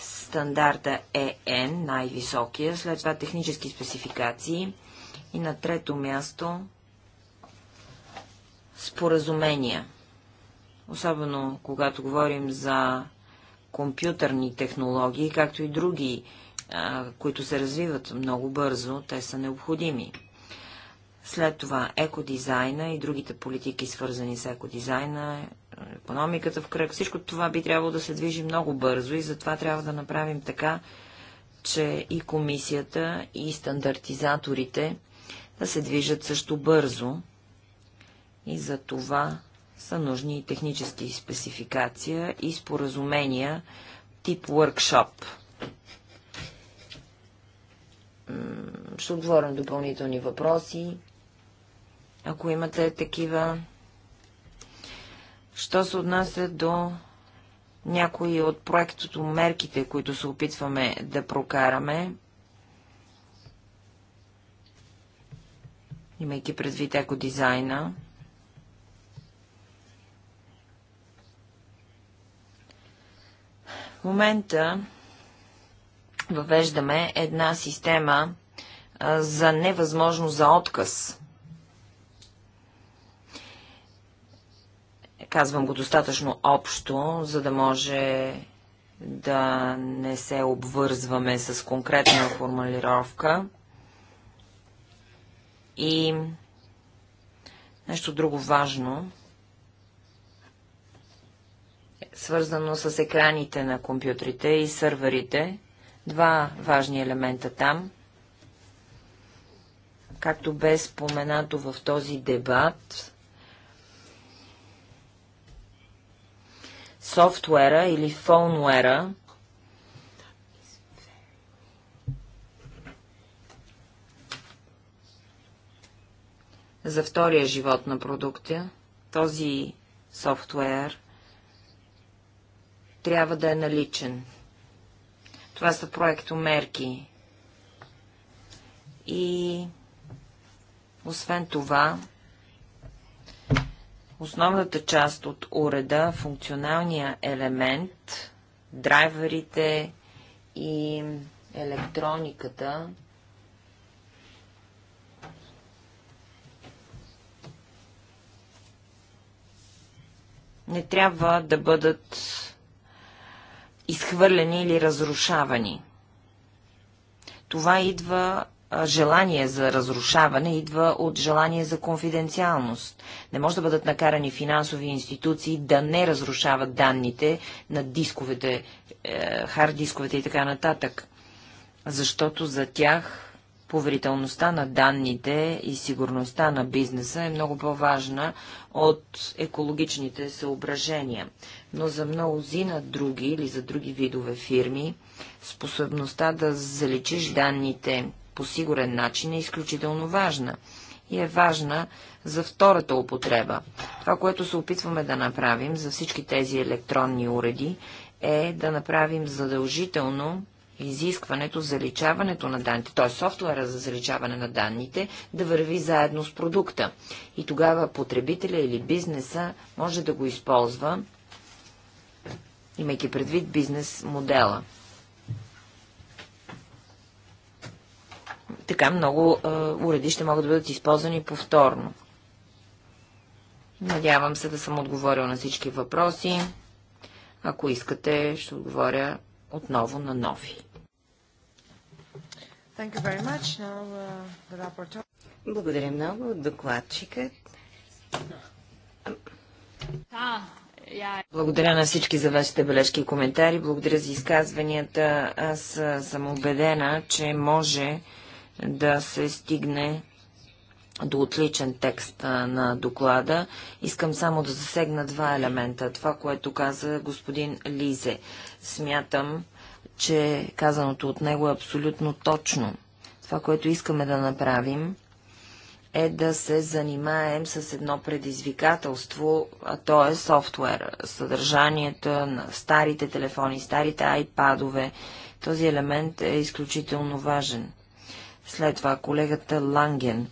стандарта ЕН, най-високия, след това технически спецификации и на трето място споразумения. Особено когато говорим за компютърни технологии, както и други, които се развиват много бързо, те са необходими. След това екодизайна и другите политики, свързани с екодизайна, економиката в кръг. Всичко това би трябвало да се движи много бързо и затова трябва да направим така, че и комисията, и стандартизаторите да се движат също бързо. И за това са нужни и технически спецификация и споразумения тип workshop. Ще отговоря на допълнителни въпроси. Ако имате такива, Що се отнася до някои от проектото мерките, които се опитваме да прокараме, имайки предвид екодизайна, в момента въвеждаме една система за невъзможност за отказ Казвам го достатъчно общо, за да може да не се обвързваме с конкретна формулировка. И нещо друго важно, свързано с екраните на компютрите и сървърите. Два важни елемента там. Както бе споменато в този дебат, софтуера или фонуера, за втория живот на продукта, този софтуер трябва да е наличен. Това са проектомерки. И освен това, Основната част от уреда, функционалния елемент, драйверите и електрониката, не трябва да бъдат изхвърлени или разрушавани. Това идва желание за разрушаване идва от желание за конфиденциалност. Не може да бъдат накарани финансови институции да не разрушават данните на дисковете, е, хард дисковете и така нататък. Защото за тях поверителността на данните и сигурността на бизнеса е много по-важна от екологичните съображения. Но за на други или за други видове фирми, способността да заличиш данните по сигурен начин е изключително важна и е важна за втората употреба. Това, което се опитваме да направим за всички тези електронни уреди, е да направим задължително изискването заличаването на данните, т.е. софтуера за заличаване на данните, да върви заедно с продукта. И тогава потребителя или бизнеса може да го използва, имайки предвид бизнес модела. така много е, уреди ще могат да бъдат използвани повторно. Надявам се да съм отговорил на всички въпроси. Ако искате, ще отговоря отново на нови.
Now,
uh, Благодаря много. Докладчикът.
Благодаря на всички за вашите бележки и коментари. Благодаря за изказванията. Аз съм убедена, че може да се стигне до отличен текст на доклада. Искам само да засегна два елемента. Това, което каза господин Лизе. Смятам, че казаното от него е абсолютно точно. Това, което искаме да направим, е да се занимаем с едно предизвикателство, а то е софтуер, съдържанието на старите телефони, старите айпадове. Този елемент е изключително важен. След това колегата Ланген.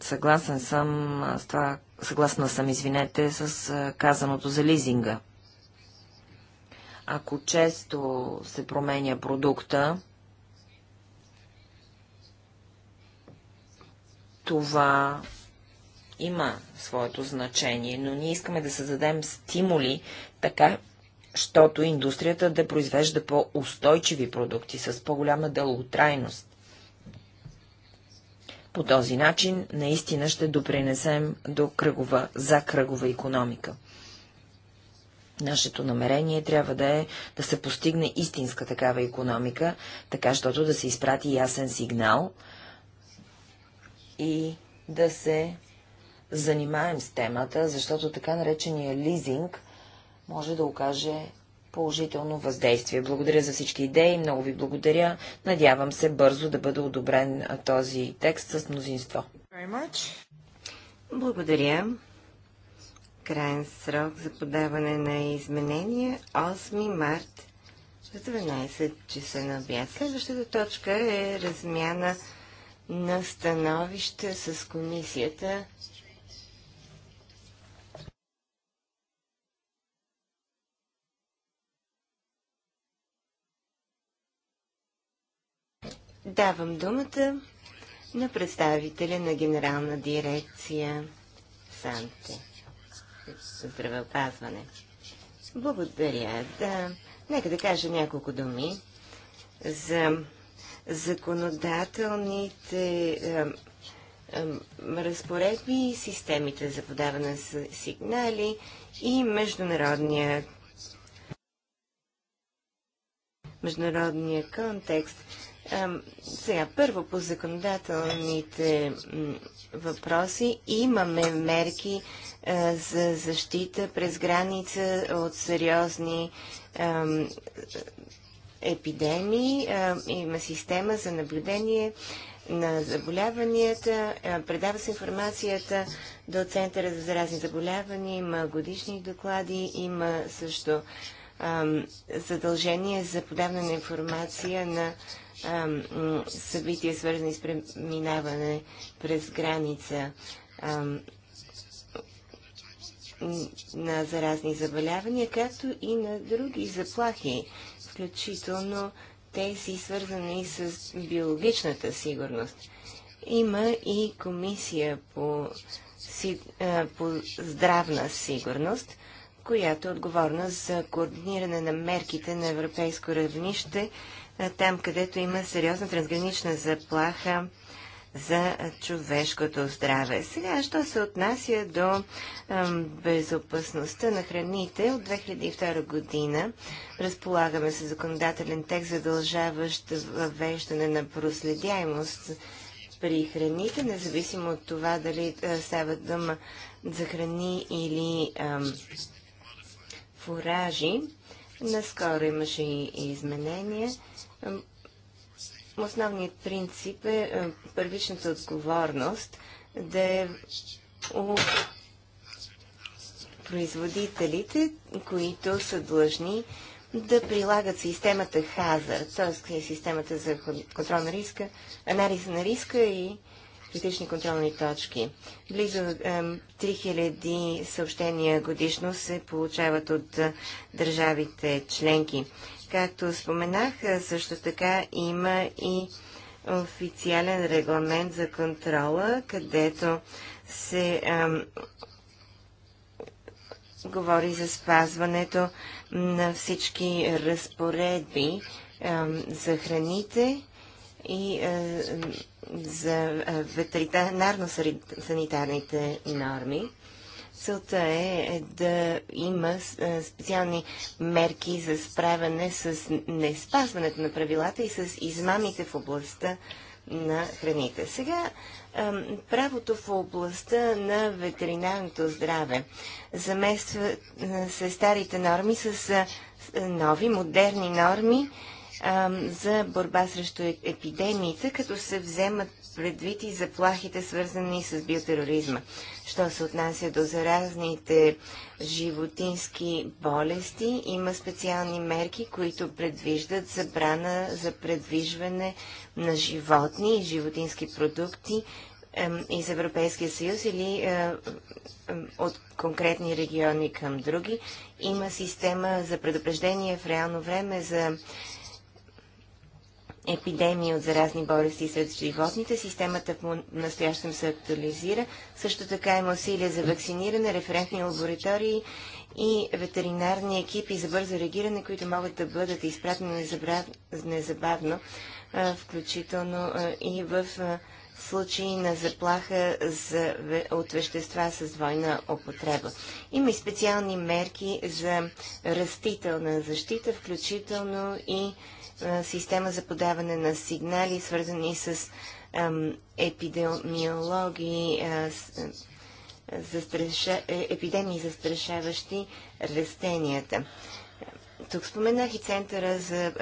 Съгласен съм с това, съгласна съм, извинете, с казаното за лизинга. Ако често се променя продукта, това има своето значение, но ние искаме да създадем стимули така, щото индустрията да произвежда по-устойчиви продукти с по-голяма дълготрайност. По този начин наистина ще допринесем до кръгова, за кръгова економика. Нашето намерение трябва да е да се постигне истинска такава економика, така щото да се изпрати ясен сигнал и да се занимаем с темата, защото така наречения лизинг може да окаже положително въздействие. Благодаря за всички идеи, много ви благодаря. Надявам се бързо да бъде одобрен
този текст с мнозинство. Благодаря. Крайен срок за подаване на изменения 8 март в 12 часа на обяд. Следващата точка е размяна на становища с комисията Давам думата на представителя на генерална дирекция Санте. Здравеопазване. Благодаря. Да, нека да кажа няколко думи за законодателните е, е, разпоредби и системите за подаване с сигнали и международния, международния контекст. Сега, първо по законодателните въпроси имаме мерки за защита през граница от сериозни епидемии. има система за наблюдение на заболяванията. Предава се информацията до Центъра за заразни заболявания. Има годишни доклади. Има също задължение за подаване на информация на събития, свързани с преминаване през граница на заразни заболявания, както и на други заплахи, включително тези свързани с биологичната сигурност. Има и комисия по, си, а, по здравна сигурност, която е отговорна за координиране на мерките на европейско равнище е, там, където има сериозна трансгранична заплаха за човешкото здраве. Сега, що се отнася до безопасността на храните, от 2002 година разполагаме с законодателен текст, задължаващ въвеждане на проследяемост при храните, независимо от това дали е, става дума за храни или фуражи. Наскоро имаше и изменения основният принцип е, е първичната отговорност да е у производителите, които са длъжни да прилагат системата ХАЗАР, т.е. системата за контрол на риска, анализ на риска и критични контролни точки. Близо 3000 съобщения годишно се получават от е, държавите членки. Както споменах, също така има и официален регламент за контрола, където се ам, говори за спазването на всички разпоредби ам, за храните и ам, за ветеринарно-санитарните норми. Целта е, е да има е, специални мерки за справяне с неспазването на правилата и с измамите в областта на храните. Сега правото в областта на ветеринарното здраве замества е, се старите норми с нови, модерни норми за борба срещу епидемиите, като се вземат предвид и заплахите, свързани с биотероризма. Що се отнася до заразните животински болести, има специални мерки, които предвиждат забрана за предвижване на животни и животински продукти из Европейския съюз или е, от конкретни региони към други. Има система за предупреждение в реално време за епидемии от заразни болести сред животните. Системата по настоящем се актуализира. Също така има усилия за вакциниране, референтни лаборатории и ветеринарни екипи за бързо реагиране, които могат да бъдат изпратени незабавно, включително и в случаи на заплаха за, от вещества с двойна употреба. Има и специални мерки за растителна защита, включително и система за подаване на сигнали, свързани с епидемиологии, е, епидемии, застрашаващи растенията. Тук споменах и Центъра за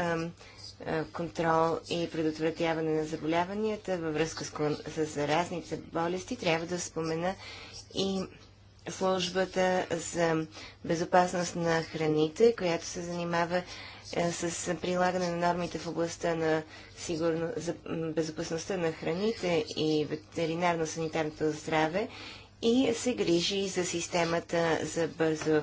контрол и предотвратяване на заболяванията във връзка с, с заразните болести. Трябва да спомена и службата за безопасност на храните, която се занимава е, с прилагане на нормите в областта на сигурно, за безопасността на храните и ветеринарно-санитарното здраве и се грижи за системата за бързо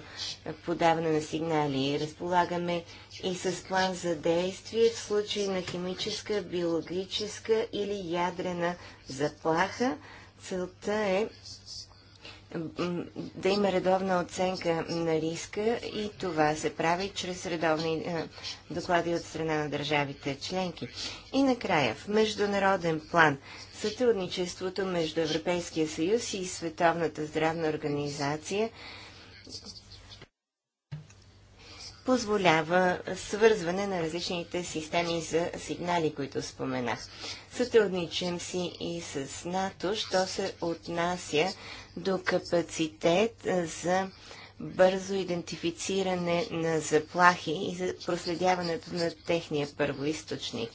подаване на сигнали. Разполагаме и с план за действие в случай на химическа, биологическа или ядрена заплаха. Целта е да има редовна оценка на риска и това се прави чрез редовни е, доклади от страна на държавите членки. И накрая, в международен план, сътрудничеството между Европейския съюз и Световната здравна организация позволява свързване на различните системи за сигнали, които споменах. Сътрудничим си и с НАТО, що се отнася до капацитет за бързо идентифициране на заплахи и за проследяването на техния първоисточник.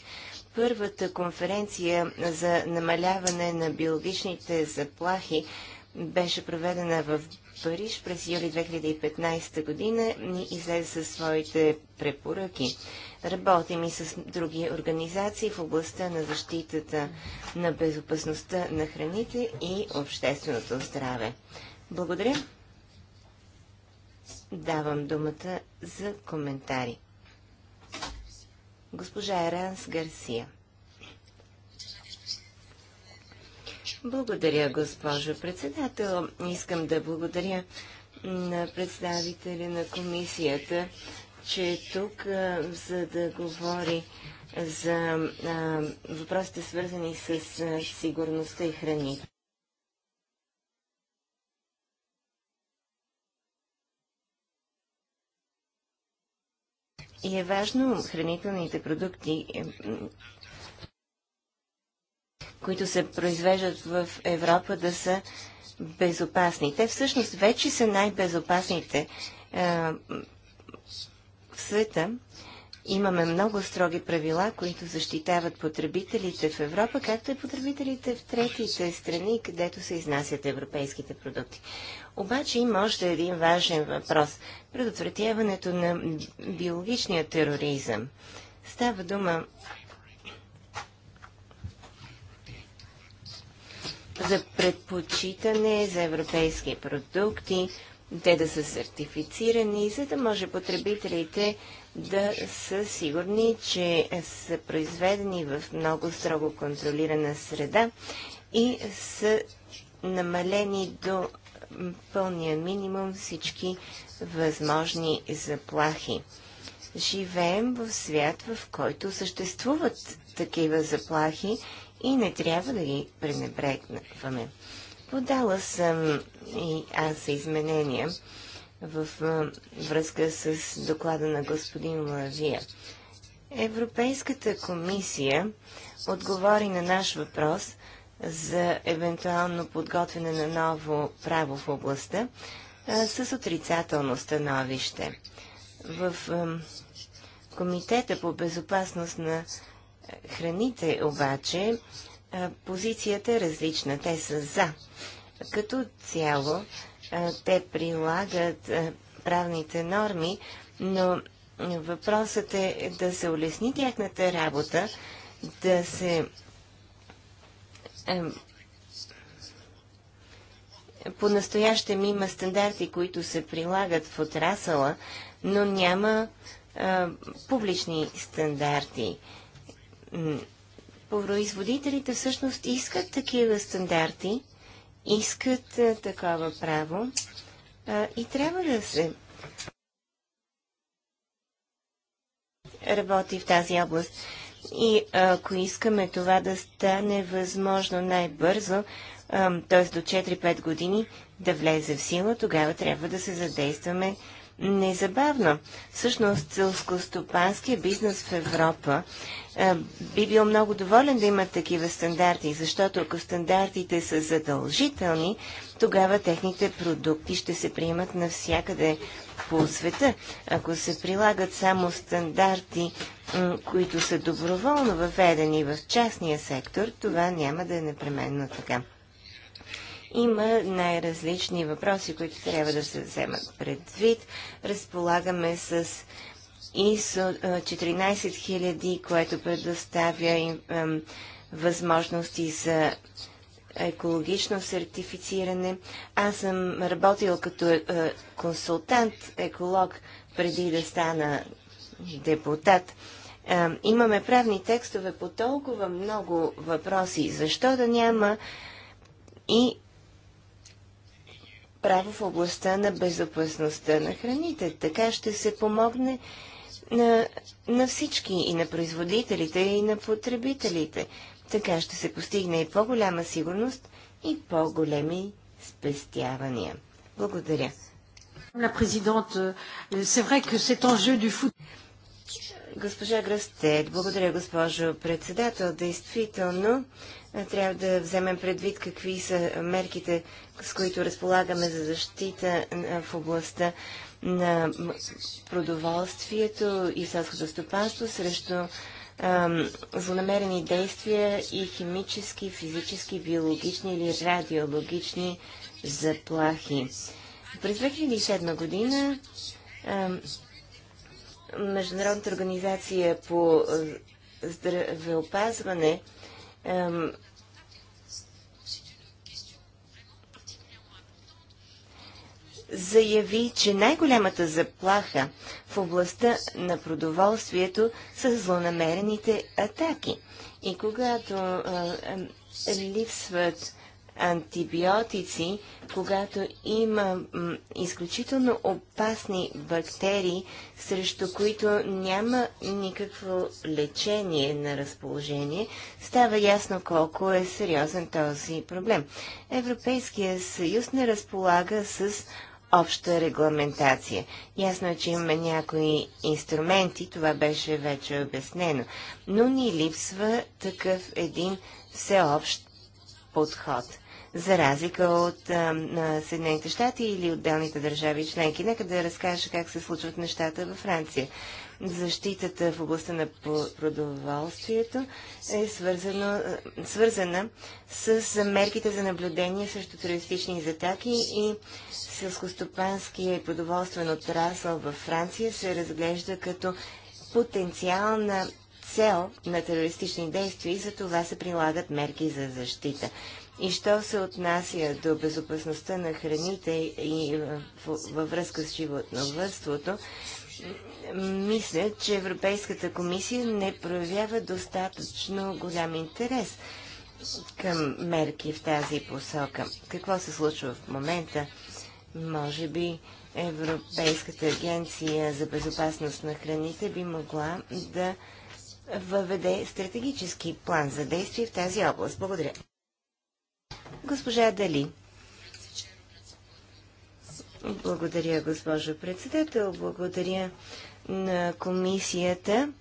Първата конференция за намаляване на биологичните заплахи беше проведена в Париж през юли 2015 година ни излезе със своите препоръки. Работим и с други организации в областта на защитата на безопасността на храните и общественото здраве. Благодаря. Давам думата за коментари. Госпожа Еранс Гарсия. Благодаря, госпожо председател. Искам да благодаря на представителя на комисията, че е тук, за да говори за а, въпросите свързани с а, сигурността и храните. И е важно хранителните продукти които се произвеждат в Европа, да са безопасни. Те всъщност вече са най-безопасните в света. Имаме много строги правила, които защитават потребителите в Европа, както и потребителите в третите страни, където се изнасят европейските продукти. Обаче има още един важен въпрос – предотвратяването на биологичния тероризъм. Става дума за предпочитане за европейски продукти, те да са сертифицирани, за да може потребителите да са сигурни, че са произведени в много строго контролирана среда и са намалени до пълния минимум всички възможни заплахи. Живеем в свят, в който съществуват такива заплахи и не трябва да ги пренебрегваме. Подала съм и аз за изменения в връзка с доклада на господин Лавия. Европейската комисия отговори на наш въпрос за евентуално подготвяне на ново право в областта а, с отрицателно становище. В а, Комитета по безопасност на храните обаче позицията е различна. Те са за. Като цяло те прилагат правните норми, но въпросът е да се улесни тяхната работа, да се по-настоящем има стандарти, които се прилагат в отрасъла, но няма а, публични стандарти. Производителите всъщност искат такива стандарти, искат а, такова право а, и трябва да се работи в тази област. И ако искаме това да стане възможно най-бързо, т.е. до 4-5 години да влезе в сила, тогава трябва да се задействаме незабавно. Всъщност, селскостопанския бизнес в Европа е, би бил много доволен да имат такива стандарти, защото ако стандартите са задължителни, тогава техните продукти ще се приемат навсякъде по света. Ако се прилагат само стандарти, които са доброволно въведени в частния сектор, това няма да е непременно така. Има най-различни въпроси, които трябва да се вземат предвид. Разполагаме с ISO 14000, което предоставя им, възможности за екологично сертифициране. Аз съм работил като е, консултант, еколог, преди да стана депутат. имаме правни текстове по толкова много въпроси. Защо да няма и право в областта на безопасността на храните. Така ще се помогне на, на всички, и на производителите, и на потребителите. Така ще се постигне и по-голяма сигурност, и по-големи спестявания. Благодаря. Госпожа Гръстет, благодаря, госпожо председател. Действително, трябва да вземем предвид какви са мерките, с които разполагаме за защита в областта на продоволствието и селското стопанство срещу злонамерени действия и химически, физически, биологични или радиологични заплахи. През 2007 година Международната организация по е, здравеопазване заяви, че най-голямата заплаха в областта на продоволствието са злонамерените атаки. И когато е, е, липсват антибиотици, когато има изключително опасни бактерии, срещу които няма никакво лечение на разположение, става ясно колко е сериозен този проблем. Европейския съюз не разполага с обща регламентация. Ясно е, че имаме някои инструменти, това беше вече обяснено, но ни липсва такъв един всеобщ подход – за разлика от а, Съединените щати или отделните държави членки. Нека да разкажа как се случват нещата във Франция. Защитата в областта на продоволствието е свързано, свързана с мерките за наблюдение срещу терористични затаки и селскостопанския и продоволствен отрасъл във Франция се разглежда като потенциална цел на терористични действия и за това се прилагат мерки за защита. И що се отнася до безопасността на храните и е, във връзка с животновътството, мисля, че Европейската комисия не проявява достатъчно голям интерес към мерки в тази посока. Какво се случва в момента? Може би Европейската агенция за безопасност на храните би могла да въведе стратегически план за действие в тази област. Благодаря. Госпожа Дали. Благодаря, госпожо председател. Благодаря на комисията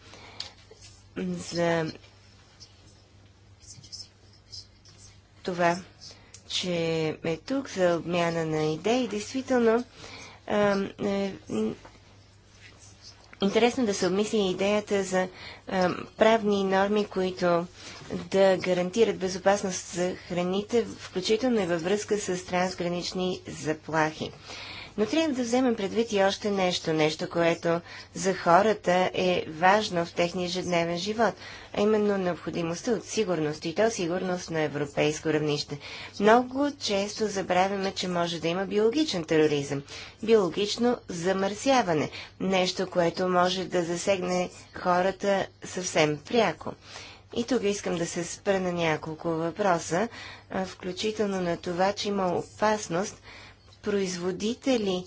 за това, че е тук за обмяна на идеи. Действително, е интересно да се обмисли идеята за правни норми, които да гарантират безопасност за храните, включително и във връзка с трансгранични заплахи. Но трябва да вземем предвид и още нещо, нещо, което за хората е важно в техния ежедневен живот, а именно необходимостта от сигурност и то сигурност на европейско равнище. Много често забравяме, че може да има биологичен тероризъм, биологично замърсяване, нещо, което може да засегне хората съвсем пряко. И тук искам да се спра на няколко въпроса, включително на това, че има опасност производители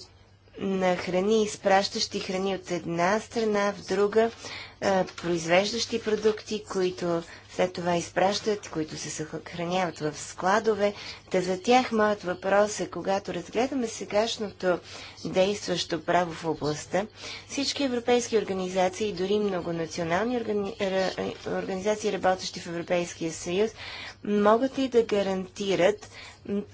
на храни, изпращащи храни от една страна в друга, произвеждащи продукти, които след това изпращат, които се съхраняват в складове. Та за тях моят въпрос е, когато разгледаме сегашното действащо право в областта, всички европейски организации, дори многонационални органи... организации, работещи в Европейския съюз, могат ли да гарантират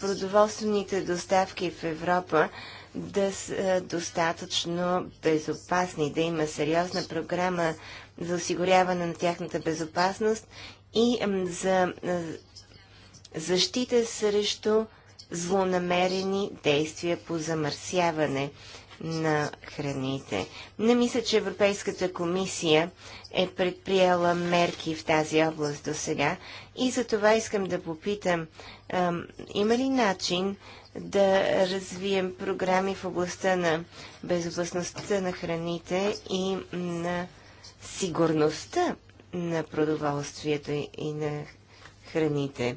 продоволствените доставки в Европа, да са достатъчно безопасни, да има сериозна програма за осигуряване на тяхната безопасност и за защита срещу злонамерени действия по замърсяване на храните. Не мисля, че Европейската комисия е предприела мерки в тази област до сега и за това искам да попитам, има ли начин да развием програми в областта на безопасността на храните и на сигурността на продоволствието и на храните.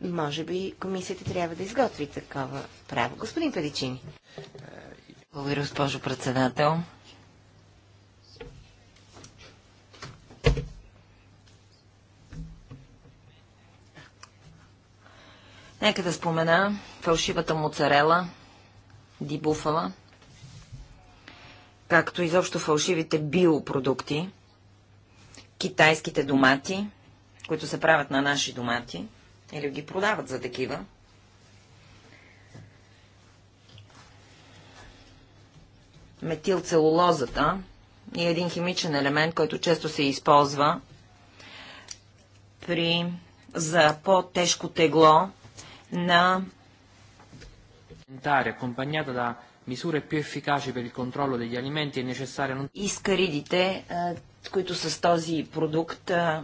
Може би комисията трябва да изготви такова право. Господин Педичини.
Благодаря, госпожо председател. Нека да спомена фалшивата моцарела, дибуфала, както изобщо фалшивите биопродукти – китайските домати, които се правят на наши домати, или ги продават за такива. Метилцелулозата е един химичен елемент, който често се използва при, за по-тежко тегло на компанията да мисуре più efficaci per il controllo degli alimenti necessario Искаридите които с този продукт а,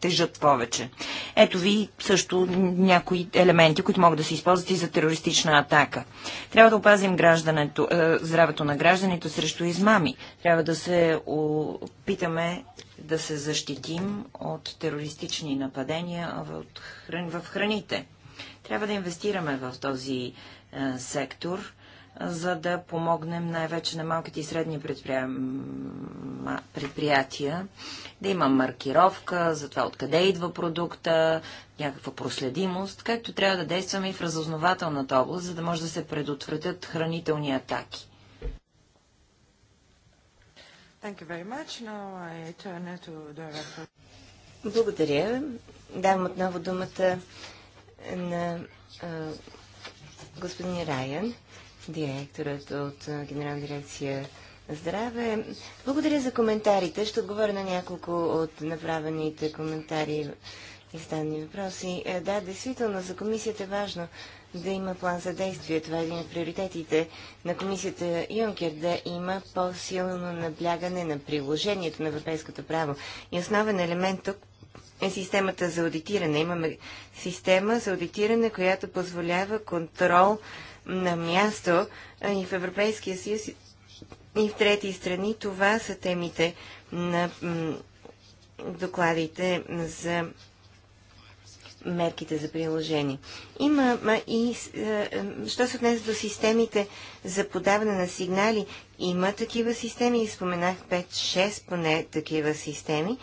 тежат повече. Ето ви също някои елементи, които могат да се използват и за терористична атака. Трябва да опазим граждането, е, здравето на гражданите срещу измами. Трябва да се опитаме да се защитим от терористични нападения в, хран, в храните. Трябва да инвестираме в този е, сектор за да помогнем най-вече на малките и средни предприятия да има маркировка за това откъде идва продукта, някаква проследимост, както трябва да действаме и в разузнавателната област, за да може да се предотвратят хранителни атаки.
Благодаря. Давам отново думата на господин Райан директорът от Генерална дирекция Здраве. Благодаря за коментарите. Ще отговоря на няколко от направените коментари и станни въпроси. Е, да, действително за комисията е важно да има план за действие. Това е един от приоритетите на комисията Юнкер, да има по-силно наблягане на приложението на европейското право. И основен елемент тук е системата за аудитиране. Имаме система за аудитиране, която позволява контрол на място и в Европейския съюз и в трети страни. Това са темите на докладите за мерките за приложение. Има и, що се отнесе до системите за подаване на сигнали, има такива системи, и споменах 5-6 поне такива системи.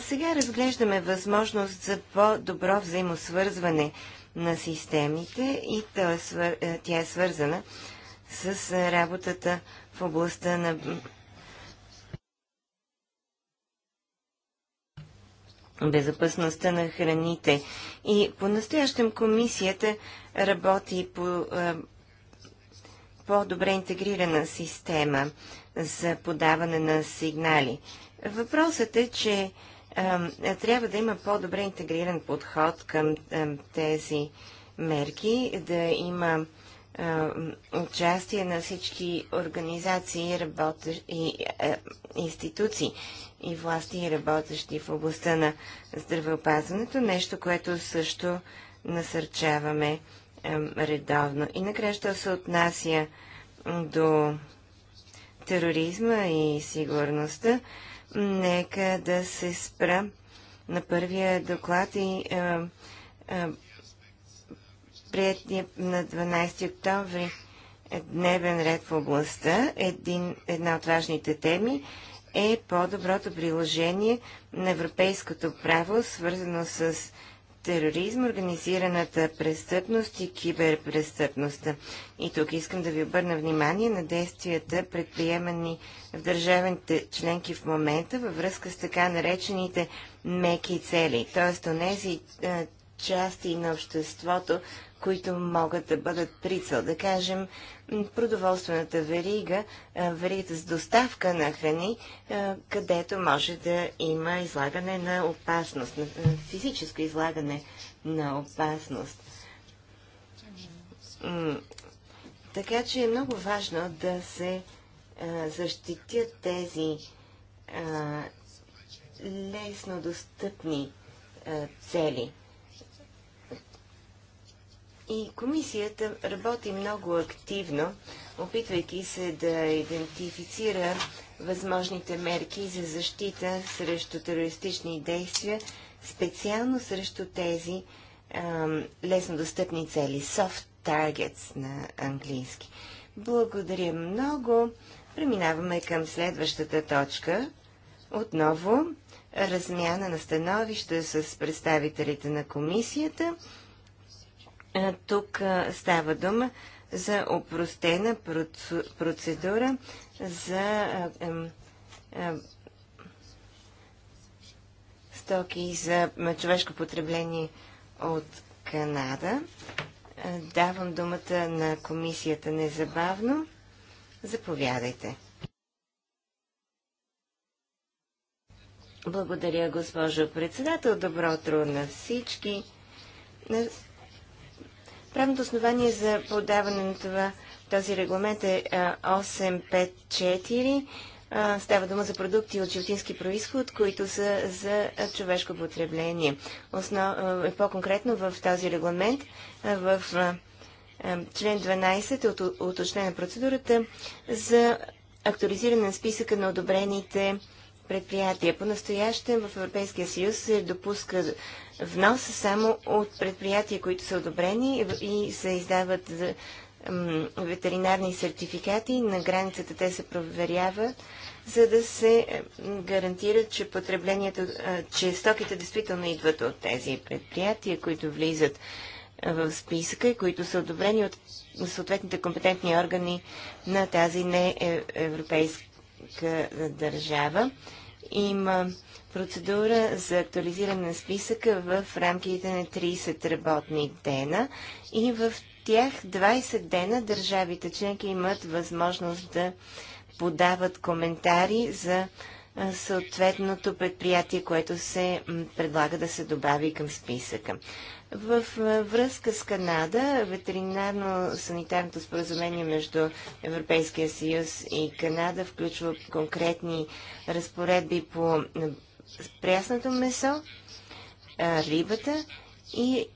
сега разглеждаме възможност за по-добро взаимосвързване на системите и е е, тя е свързана с е, работата в областта на безопасността на храните. И по-настоящем комисията работи по по-добре интегрирана система за подаване на сигнали. Въпросът е, че е, трябва да има по-добре интегриран подход към тези мерки, да има участие на всички организации и е, институции и власти, работещи в областта на здравеопазването, нещо, което също насърчаваме редовно. И накрая, що се отнася до тероризма и сигурността, Нека да се спра на първия доклад и е, е, приятния на 12 октомври дневен ред в областта. Един, една от важните теми е по-доброто приложение на европейското право, свързано с тероризма, организираната престъпност и киберпрестъпността. И тук искам да ви обърна внимание на действията, предприемани в държавните членки в момента във връзка с така наречените меки цели, т.е. онези части на обществото, които могат да бъдат прицел. Да кажем, продоволствената верига, веригата с доставка на храни, където може да има излагане на опасност, на физическо излагане на опасност. Така че е много важно да се защитят тези лесно достъпни цели. И комисията работи много активно, опитвайки се да идентифицира възможните мерки за защита срещу терористични действия, специално срещу тези а, лесно достъпни цели, soft targets на английски. Благодаря много. Преминаваме към следващата точка. Отново размяна на становища с представителите на комисията. Е, тук е, става дума за опростена процедура за е, стоки за човешко потребление от Канада. Давам думата на комисията незабавно. Заповядайте. Благодаря, госпожо председател. Добро утро на всички. Правното основание за подаване на това, този регламент е 854. Става дума за продукти от животински происход, които са за човешко потребление. Основ... Е по-конкретно в този регламент, в член 12 от уточнена процедурата за актуализиране на списъка на одобрените предприятия. По-настоящем в Европейския съюз се допуска внос само от предприятия, които са одобрени и се издават ветеринарни сертификати. На границата те се проверяват, за да се гарантира, че потреблението, че стоките действително идват от тези предприятия, които влизат в списъка и които са одобрени от съответните компетентни органи на тази неевропейска държава има процедура за актуализиране на списъка в рамките на 30 работни дена и в тях 20 дена държавите членки имат възможност да подават коментари за съответното предприятие, което се предлага да се добави към списъка. В връзка с Канада, ветеринарно-санитарното споразумение между Европейския съюз и Канада включва конкретни разпоредби по прясното месо, рибата и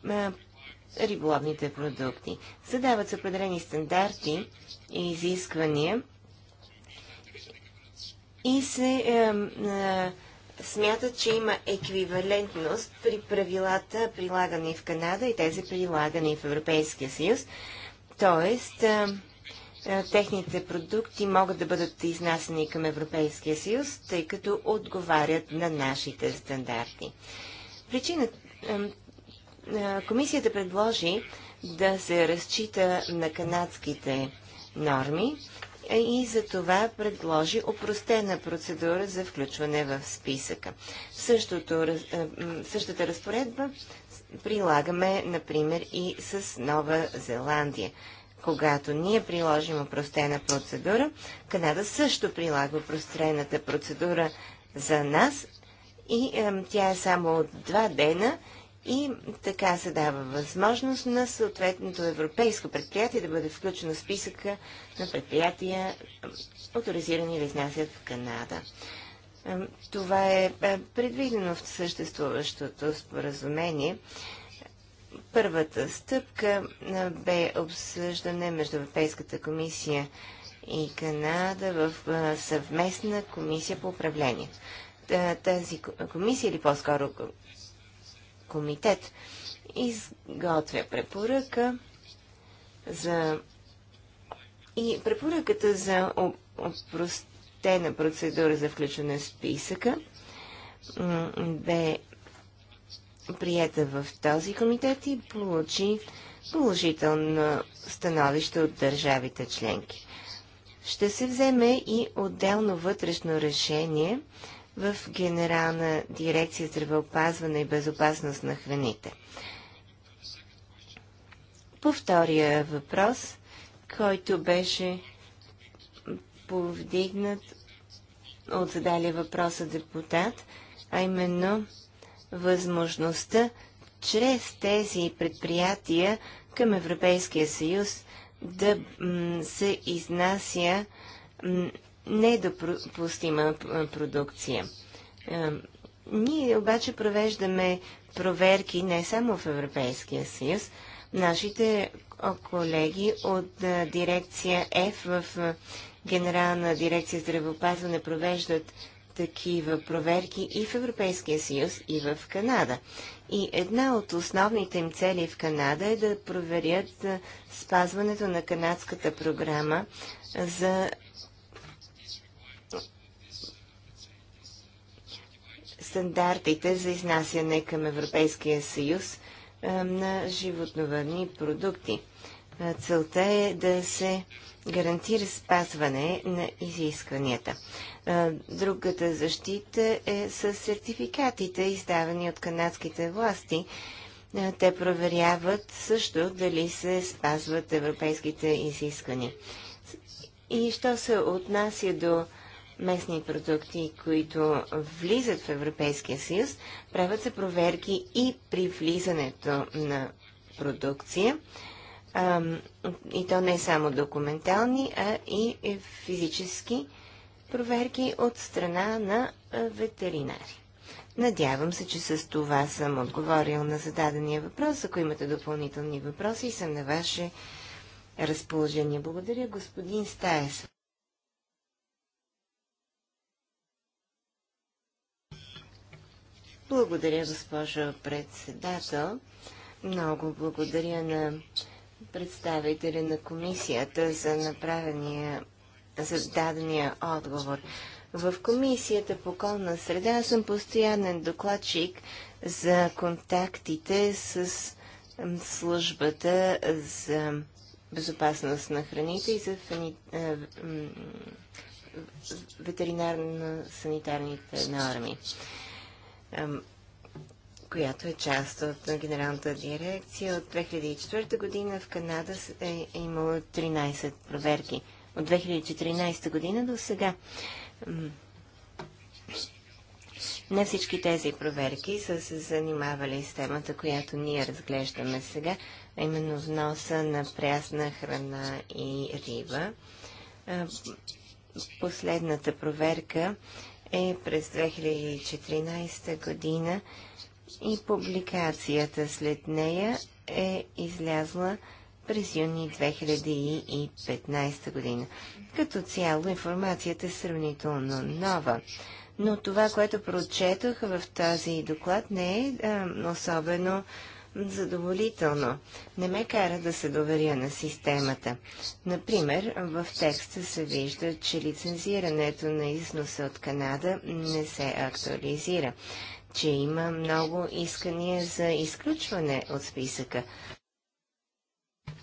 риболовните продукти. Задават се определени стандарти и изисквания и се е, е, смята, че има еквивалентност при правилата, прилагани в Канада и тези прилагани в Европейския съюз. Тоест, е, е, техните продукти могат да бъдат изнасяни към Европейския съюз, тъй като отговарят на нашите стандарти. Причината е, комисията предложи да се разчита на канадските норми, е, и за това предложи опростена процедура за включване в списъка. Същото, е, същата разпоредба прилагаме, например, и с Нова Зеландия. Когато ние приложим опростена процедура, Канада също прилага опростената процедура за нас и е, тя е само от два дена и така се дава възможност на съответното европейско предприятие да бъде включено в списъка на предприятия, авторизирани да изнасят в Канада. Това е, е предвидено в съществуващото споразумение. Първата стъпка е, бе обсъждане между Европейската комисия и Канада в е, съвместна комисия по управление. Тази комисия или по-скоро комитет. Изготвя препоръка за и препоръката за опростена процедура за включване в списъка бе прията в този комитет и получи положително становище от държавите членки. Ще се вземе и отделно вътрешно решение в Генерална дирекция здравеопазване и безопасност на храните. По втория въпрос, който беше повдигнат от задали въпроса депутат, а именно възможността чрез тези предприятия към Европейския съюз да се изнася недопустима е продукция. Е, ние обаче провеждаме проверки не само в Европейския съюз. Нашите колеги от е, дирекция F в Генерална дирекция здравеопазване провеждат такива проверки и в Европейския съюз, и в Канада. И една от основните им цели в Канада е да проверят спазването на канадската програма за стандартите за изнасяне към Европейския съюз на животновърни продукти. Целта е да се гарантира спазване на изискванията. Другата защита е с сертификатите, издавани от канадските власти. Те проверяват също дали се спазват европейските изисквания. И що се отнася до местни продукти, които влизат в Европейския съюз, правят се проверки и при влизането на продукция. и то не само документални, а и физически проверки от страна на ветеринари. Надявам се, че с това съм отговорил на зададения въпрос. Ако имате допълнителни въпроси, съм на ваше разположение. Благодаря, господин Стаес. Благодаря, госпожо председател. Много благодаря на представителя на комисията за направения, за дадения отговор. В комисията по околна среда съм постоянен докладчик за контактите с службата за безопасност на храните и за фани... Е, ветеринарно-санитарните норми която е част от Генералната дирекция. От 2004 година в Канада е, е имало 13 проверки. От 2014 година до сега. Не всички тези проверки са се занимавали с темата, която ние разглеждаме сега, а именно вноса на прясна храна и риба. Последната проверка е през 2014 година и публикацията след нея е излязла през юни 2015 година. Като цяло информацията е сравнително нова, но това, което прочетох в този доклад не е а, особено задоволително. Не ме кара да се доверя на системата. Например, в текста се вижда, че лицензирането на износа от Канада не се актуализира, че има много искания за изключване от списъка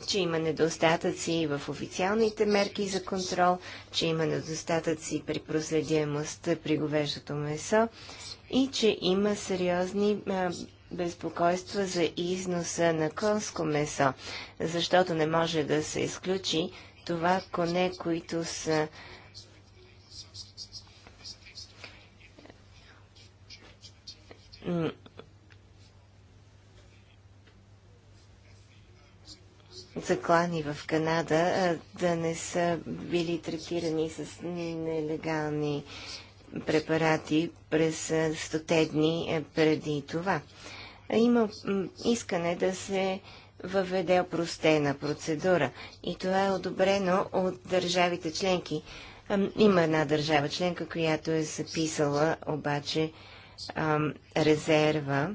че има недостатъци в официалните мерки за контрол, че има недостатъци при проследяемост при говеждото месо и че има сериозни а, безпокойства за износа на конско месо, защото не може да се изключи това коне, които са заклани в Канада да не са били третирани с нелегални препарати през стоте дни преди това има искане да се въведе опростена процедура. И това е одобрено от държавите членки. Има една държава членка, която е записала обаче резерва.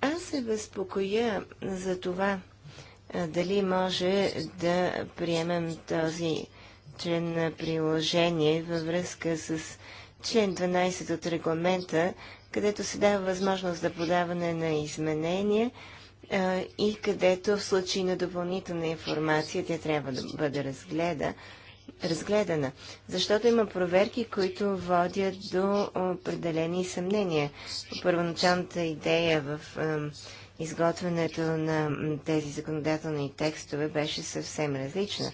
Аз се безпокоя за това дали може да приемем този член на приложение във връзка с член 12 от регламента където се дава възможност за подаване на изменения и където в случай на допълнителна информация тя трябва да бъде разгледа, разгледана. Защото има проверки, които водят до определени съмнения. Първоначалната идея в изготвянето на тези законодателни текстове беше съвсем различна.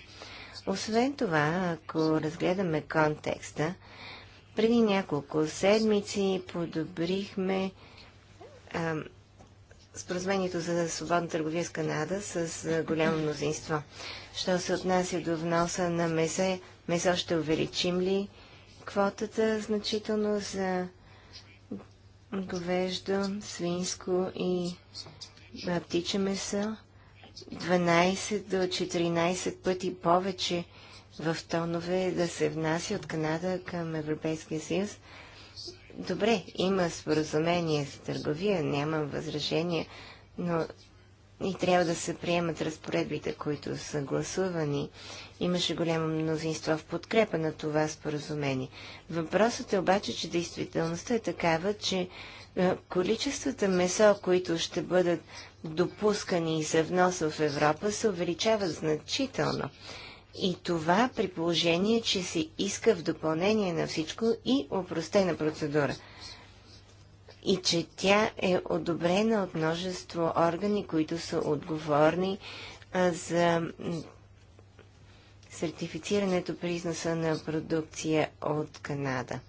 Освен това, ако разгледаме контекста, преди няколко седмици подобрихме споразумението за свободна търговия с Канада с а, голямо мнозинство. Що се отнася до вноса на месо, месо ще увеличим ли квотата значително за говеждо, свинско и птиче месо? 12 до 14 пъти повече в тонове да се внася от Канада към Европейския съюз. Добре, има споразумение с търговия, нямам възражение, но и трябва да се приемат разпоредбите, които са гласувани. Имаше голямо мнозинство в подкрепа на това споразумение. Въпросът е обаче, че действителността е такава, че е, количествата месо, които ще бъдат допускани за внос в Европа, се увеличават значително. И това при положение, че се иска в допълнение на всичко и опростена процедура. И че тя е одобрена от множество органи, които са отговорни за сертифицирането при износа на продукция от Канада.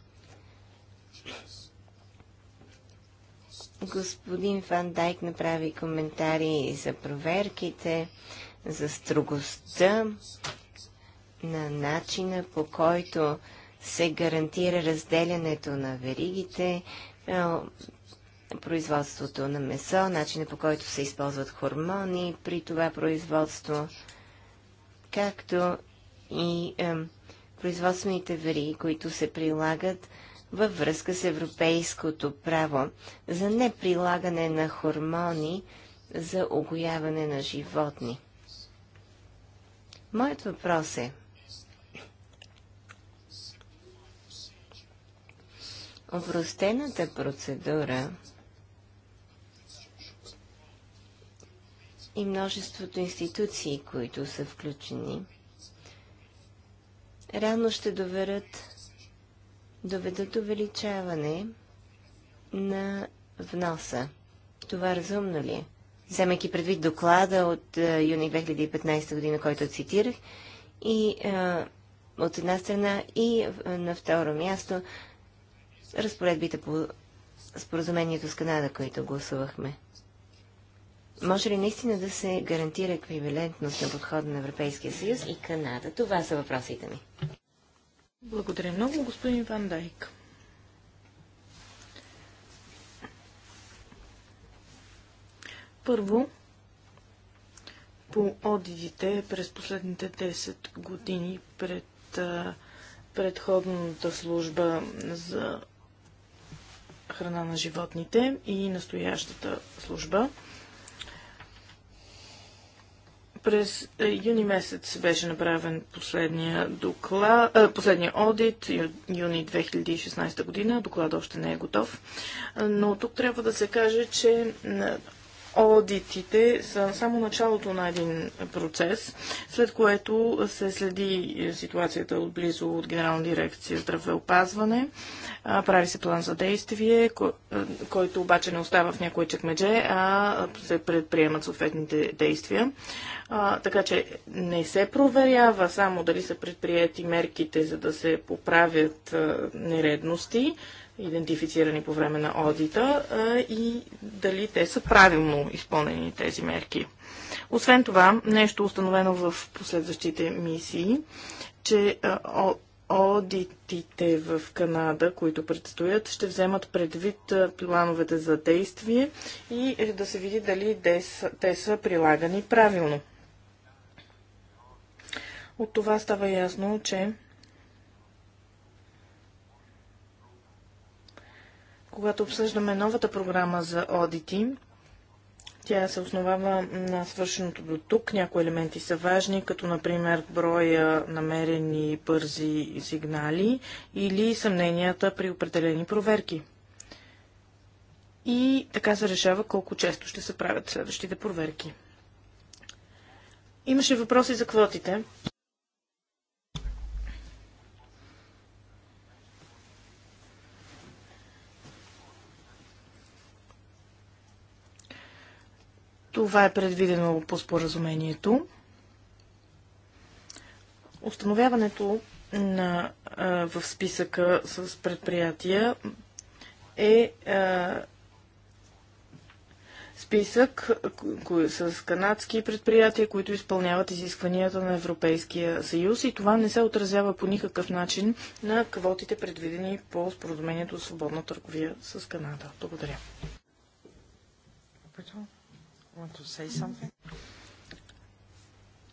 Господин Фан Дайк направи коментари за проверките, за строгостта на начина по който се гарантира разделянето на веригите, производството на месо, начина по който се използват хормони при това производство, както и е, производствените вериги, които се прилагат във връзка с европейското право за неприлагане на хормони за огояване на животни. Моят въпрос е – Опростената процедура и множеството институции, които са включени, рано ще доверят, доведат увеличаване на вноса. Това разумно ли е? Вземайки предвид доклада от е, юни 2015 година, който цитирах, и е, от една страна и на второ място разпоредбите по споразумението с Канада, които гласувахме. Може ли наистина да се гарантира еквивалентност на подхода на Европейския съюз и Канада? Това са въпросите ми.
Благодаря много, господин Ван Дайк. Първо, по одитите през последните 10 години пред предходната служба за храна на животните и настоящата служба. През е, юни месец беше направен последния, доклад, а, е, последния одит, ю, юни 2016 година. Доклад още не е готов. Е, но тук трябва да се каже, че Одитите са само началото на един процес, след което се следи ситуацията отблизо от Генерална дирекция здравеопазване. Прави се план за действие, който обаче не остава в някой чекмедже, а се предприемат съответните действия. така че не се проверява само дали са предприяти мерките, за да се поправят нередности, идентифицирани по време на одита и дали те са правилно изпълнени тези мерки. Освен това, нещо установено в последващите мисии, че одитите в Канада, които предстоят, ще вземат предвид плановете за действие и е, да се види дали те са прилагани правилно. От това става ясно, че когато обсъждаме новата програма за одити, тя се основава на свършеното до тук. Някои елементи са важни, като например броя намерени бързи сигнали или съмненията при определени проверки. И така се решава колко често ще се правят следващите проверки. Имаше въпроси за квотите. Това е предвидено по споразумението. Установяването на, в списъка с предприятия е списък с канадски предприятия, които изпълняват изискванията на Европейския съюз и това не се отразява по никакъв начин на квотите, предвидени по споразумението за свободна търговия с Канада. Благодаря.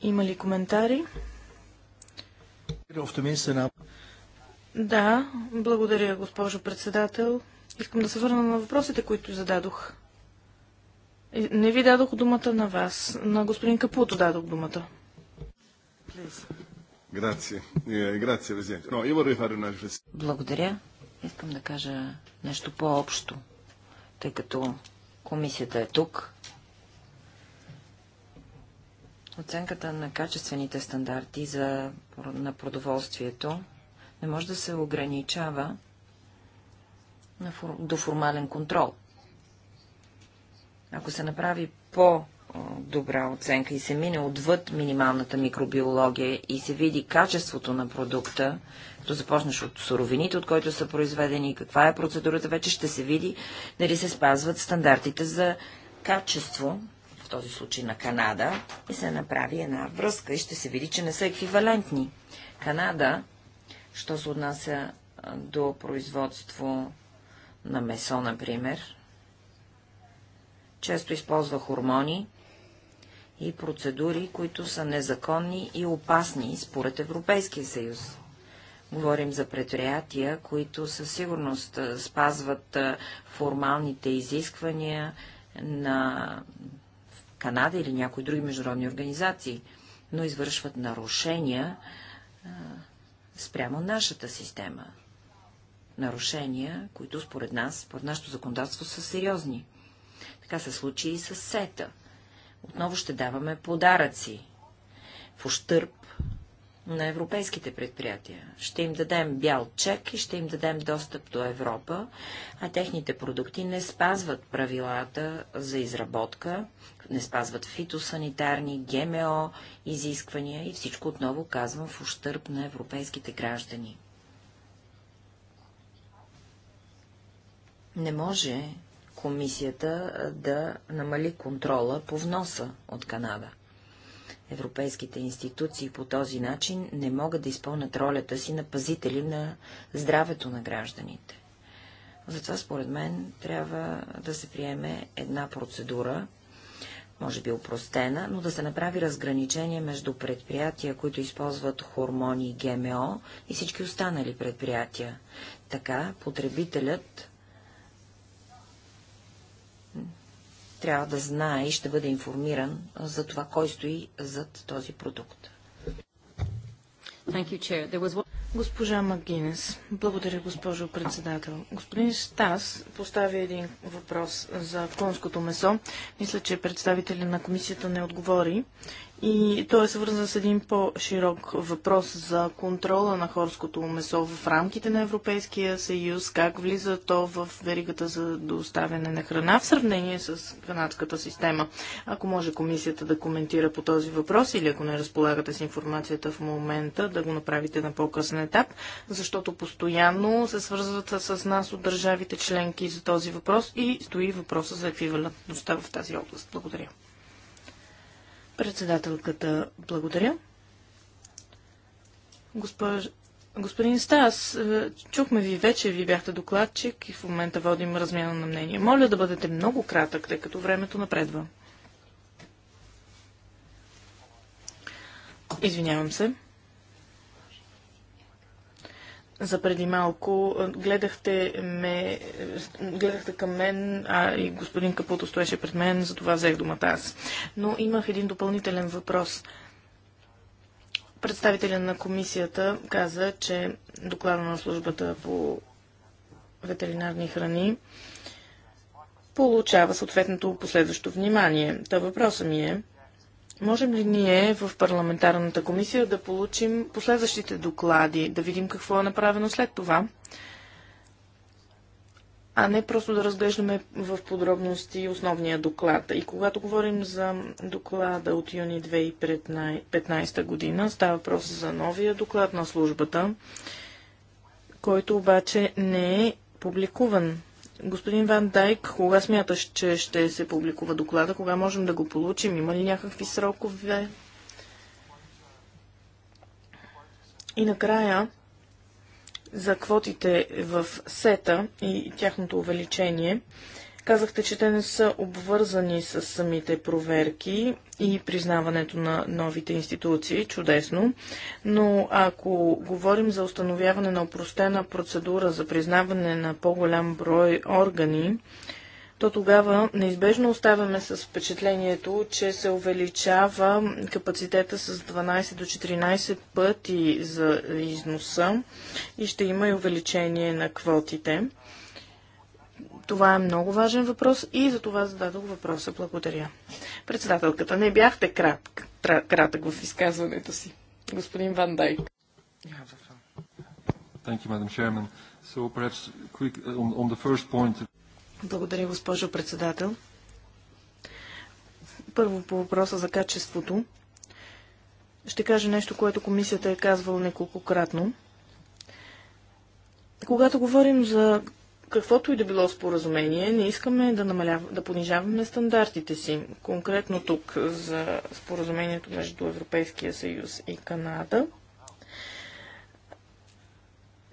Има ли коментари? Да, благодаря, госпожо председател. Искам да се върна на въпросите, които зададох. Не ви дадох думата на вас. На господин Капуто дадох думата. Е,
благодаря. Искам да кажа нещо по-общо, тъй като комисията е тук Оценката на качествените стандарти за, на продоволствието не може да се ограничава на, до формален контрол. Ако се направи по-добра оценка и се мине отвъд минималната микробиология и се види качеството на продукта, като започнеш от суровините, от които са произведени, каква е процедурата, вече ще се види дали се спазват стандартите за качество в този случай на Канада, и се направи една връзка и ще се види, че не са еквивалентни. Канада, що се отнася до производство на месо, например, често използва хормони и процедури, които са незаконни и опасни според Европейския съюз. Говорим за предприятия, които със сигурност спазват формалните изисквания на Канада или някои други международни организации, но извършват нарушения а, спрямо нашата система. Нарушения, които според нас, според нашето законодателство са сериозни. Така се случи и с сета. Отново ще даваме подаръци в ощърп на европейските предприятия. Ще им дадем бял чек и ще им дадем достъп до Европа, а техните продукти не спазват правилата за изработка не спазват фитосанитарни, ГМО изисквания и всичко отново казвам в ущърп на европейските граждани. Не може комисията да намали контрола по вноса от Канада. Европейските институции по този начин не могат да изпълнят ролята си на пазители на здравето на гражданите. Затова, според мен, трябва да се приеме една процедура, може би упростена, но да се направи разграничение между предприятия, които използват хормони и ГМО и всички останали предприятия. Така потребителят трябва да знае и ще бъде информиран за това, кой стои зад този продукт.
You, was... Госпожа Магинес. Благодаря, госпожо председател. Господин Стас постави един въпрос за конското месо. Мисля, че представителя на комисията не отговори и той е свързан с един по-широк въпрос за контрола на хорското месо в рамките на Европейския съюз, как влиза то в веригата за доставяне на храна в сравнение с канадската система. Ако може комисията да коментира по този въпрос или ако не разполагате с информацията в момента, да го направите на по-късен етап, защото постоянно се свързват с нас от държавите членки за този въпрос и стои въпроса за еквивалентността в тази област. Благодаря. Председателката, благодаря. Госпож... Господин Стас, е, чухме ви вече, ви бяхте докладчик и в момента водим размяна на мнение. Моля да бъдете много кратък, тъй като времето напредва. Извинявам се за преди малко. Гледахте, ме, гледахте към мен, а и господин Капуто стоеше пред мен, затова взех думата аз. Но имах един допълнителен въпрос. Представителя на комисията каза, че доклада на службата по ветеринарни храни получава съответното последващо внимание. Та въпросът ми е, Можем ли ние в парламентарната комисия да получим последващите доклади, да видим какво е направено след това, а не просто да разглеждаме в подробности основния доклад. И когато говорим за доклада от юни 2015 година, става въпрос за новия доклад на службата, който обаче не е публикуван. Господин Ван Дайк, кога смяташ, че ще се публикува доклада? Кога можем да го получим? Има ли някакви срокове? И накрая, за квотите в сета и тяхното увеличение. Казахте, че те не са обвързани с самите проверки и признаването на новите институции. Чудесно. Но ако говорим за установяване на опростена процедура за признаване на по-голям брой органи, то тогава неизбежно оставяме с впечатлението, че се увеличава капацитета с 12 до 14 пъти за износа и ще има и увеличение на квотите. Това е много важен въпрос и за това зададох въпроса. Благодаря. Председателката, не бяхте кратък, кратък в изказването си. Господин Ван Дайк. Благодаря, госпожо председател. Първо по въпроса за качеството. Ще кажа нещо, което комисията е казвала неколкократно. Когато говорим за каквото и да било споразумение, не искаме да, намалява да понижаваме стандартите си. Конкретно тук за споразумението между Европейския съюз и Канада –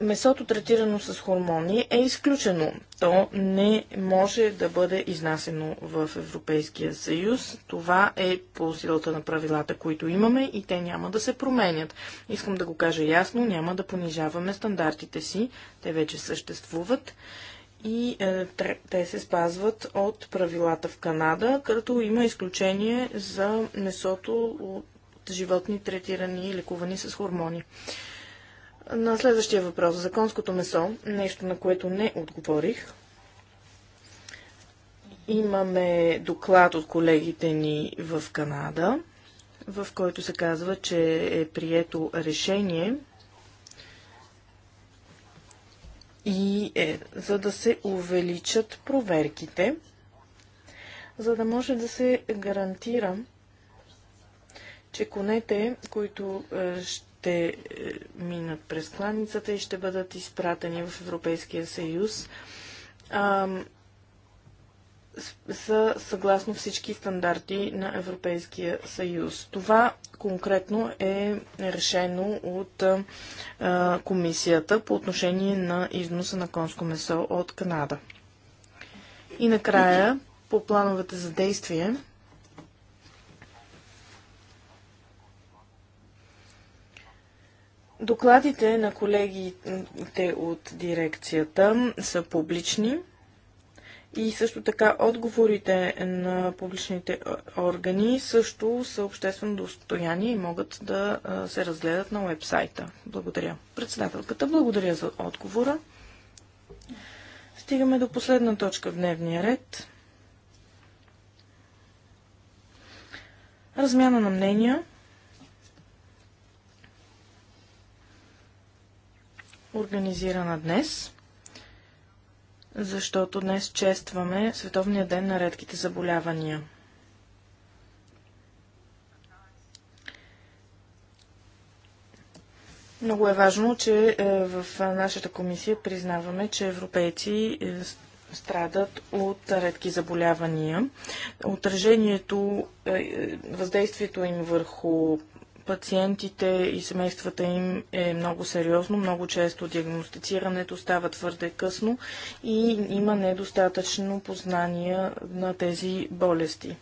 месото третирано с хормони е изключено. То не може да бъде изнасено в Европейския съюз. Това е по силата на правилата, които имаме и те няма да се променят. Искам да го кажа ясно, няма да понижаваме стандартите си. Те вече съществуват и е, те се спазват от правилата в Канада, като има изключение за месото от животни третирани и лекувани с хормони. На следващия въпрос, за конското месо, нещо на което не отговорих. Имаме доклад от колегите ни в Канада, в който се казва, че е прието решение и е, за да се увеличат проверките, за да може да се гарантира, че конете, които ще ще е, минат през кланицата и ще бъдат изпратени в Европейския съюз са съгласно всички стандарти на Европейския съюз. Това конкретно е решено от а, комисията по отношение на износа на конско месо от Канада. И накрая, по плановете за действие, Докладите на колегите от дирекцията са публични и също така отговорите на публичните органи също са обществено достояние и могат да се разгледат на уебсайта. Благодаря. Председателката, благодаря за отговора. Стигаме до последна точка в дневния ред. Размяна на мнения организирана днес, защото днес честваме Световния ден на редките заболявания. Много е важно, че е, в нашата комисия признаваме, че европейци е, страдат от редки заболявания. Отражението, е, въздействието им върху пациентите и семействата им е много сериозно. Много често диагностицирането става твърде късно и има недостатъчно познания на тези болести.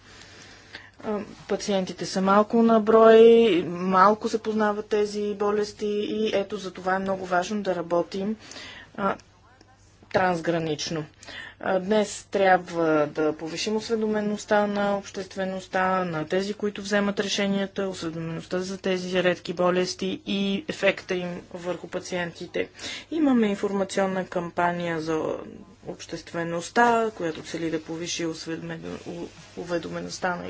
Пациентите са малко на брой, малко се познават тези болести и ето за това е много важно да работим а, трансгранично. Днес трябва да повишим осведомеността на обществеността, на тези, които вземат решенията, осведомеността за тези редки болести и ефекта им върху пациентите. Имаме информационна кампания за обществеността, която цели да повиши уведомеността на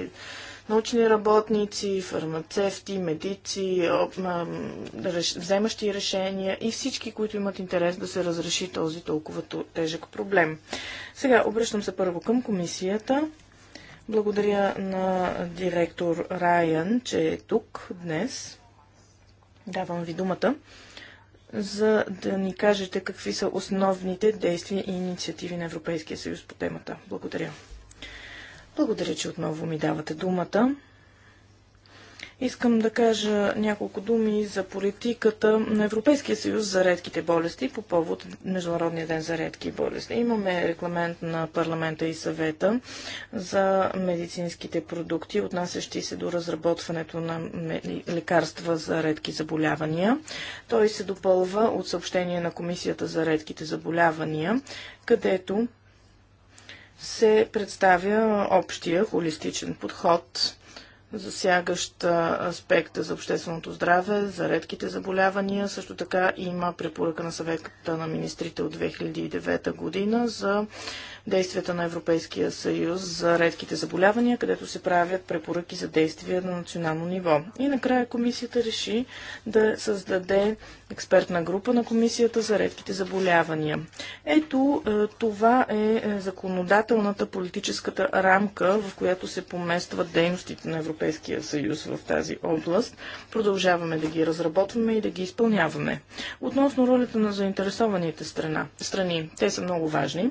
научни работници, фармацевти, медици, вземащи решения и всички, които имат интерес да се разреши този толкова тежък проблем. Сега обръщам се първо към комисията. Благодаря на директор Райан, че е тук днес. Давам ви думата за да ни кажете какви са основните действия и инициативи на Европейския съюз по темата. Благодаря. Благодаря, че отново ми давате думата. Искам да кажа няколко думи за политиката на Европейския съюз за редките болести по повод Международния ден за редки болести. Имаме регламент на парламента и съвета за медицинските продукти, отнасящи се до разработването на лекарства за редки заболявания. Той се допълва от съобщение на Комисията за редките заболявания, където се представя общия холистичен подход, засягащ аспекта за общественото здраве, за редките заболявания. Също така има препоръка на съвета на министрите от 2009 година за действията на Европейския съюз за редките заболявания, където се правят препоръки за действия на национално ниво. И накрая комисията реши да създаде експертна група на комисията за редките заболявания. Ето е, това е, е законодателната политическата рамка, в която се поместват дейностите на Европейския съюз в тази област. Продължаваме да ги разработваме и да ги изпълняваме. Относно ролята на заинтересованите страна, страни, те са много важни.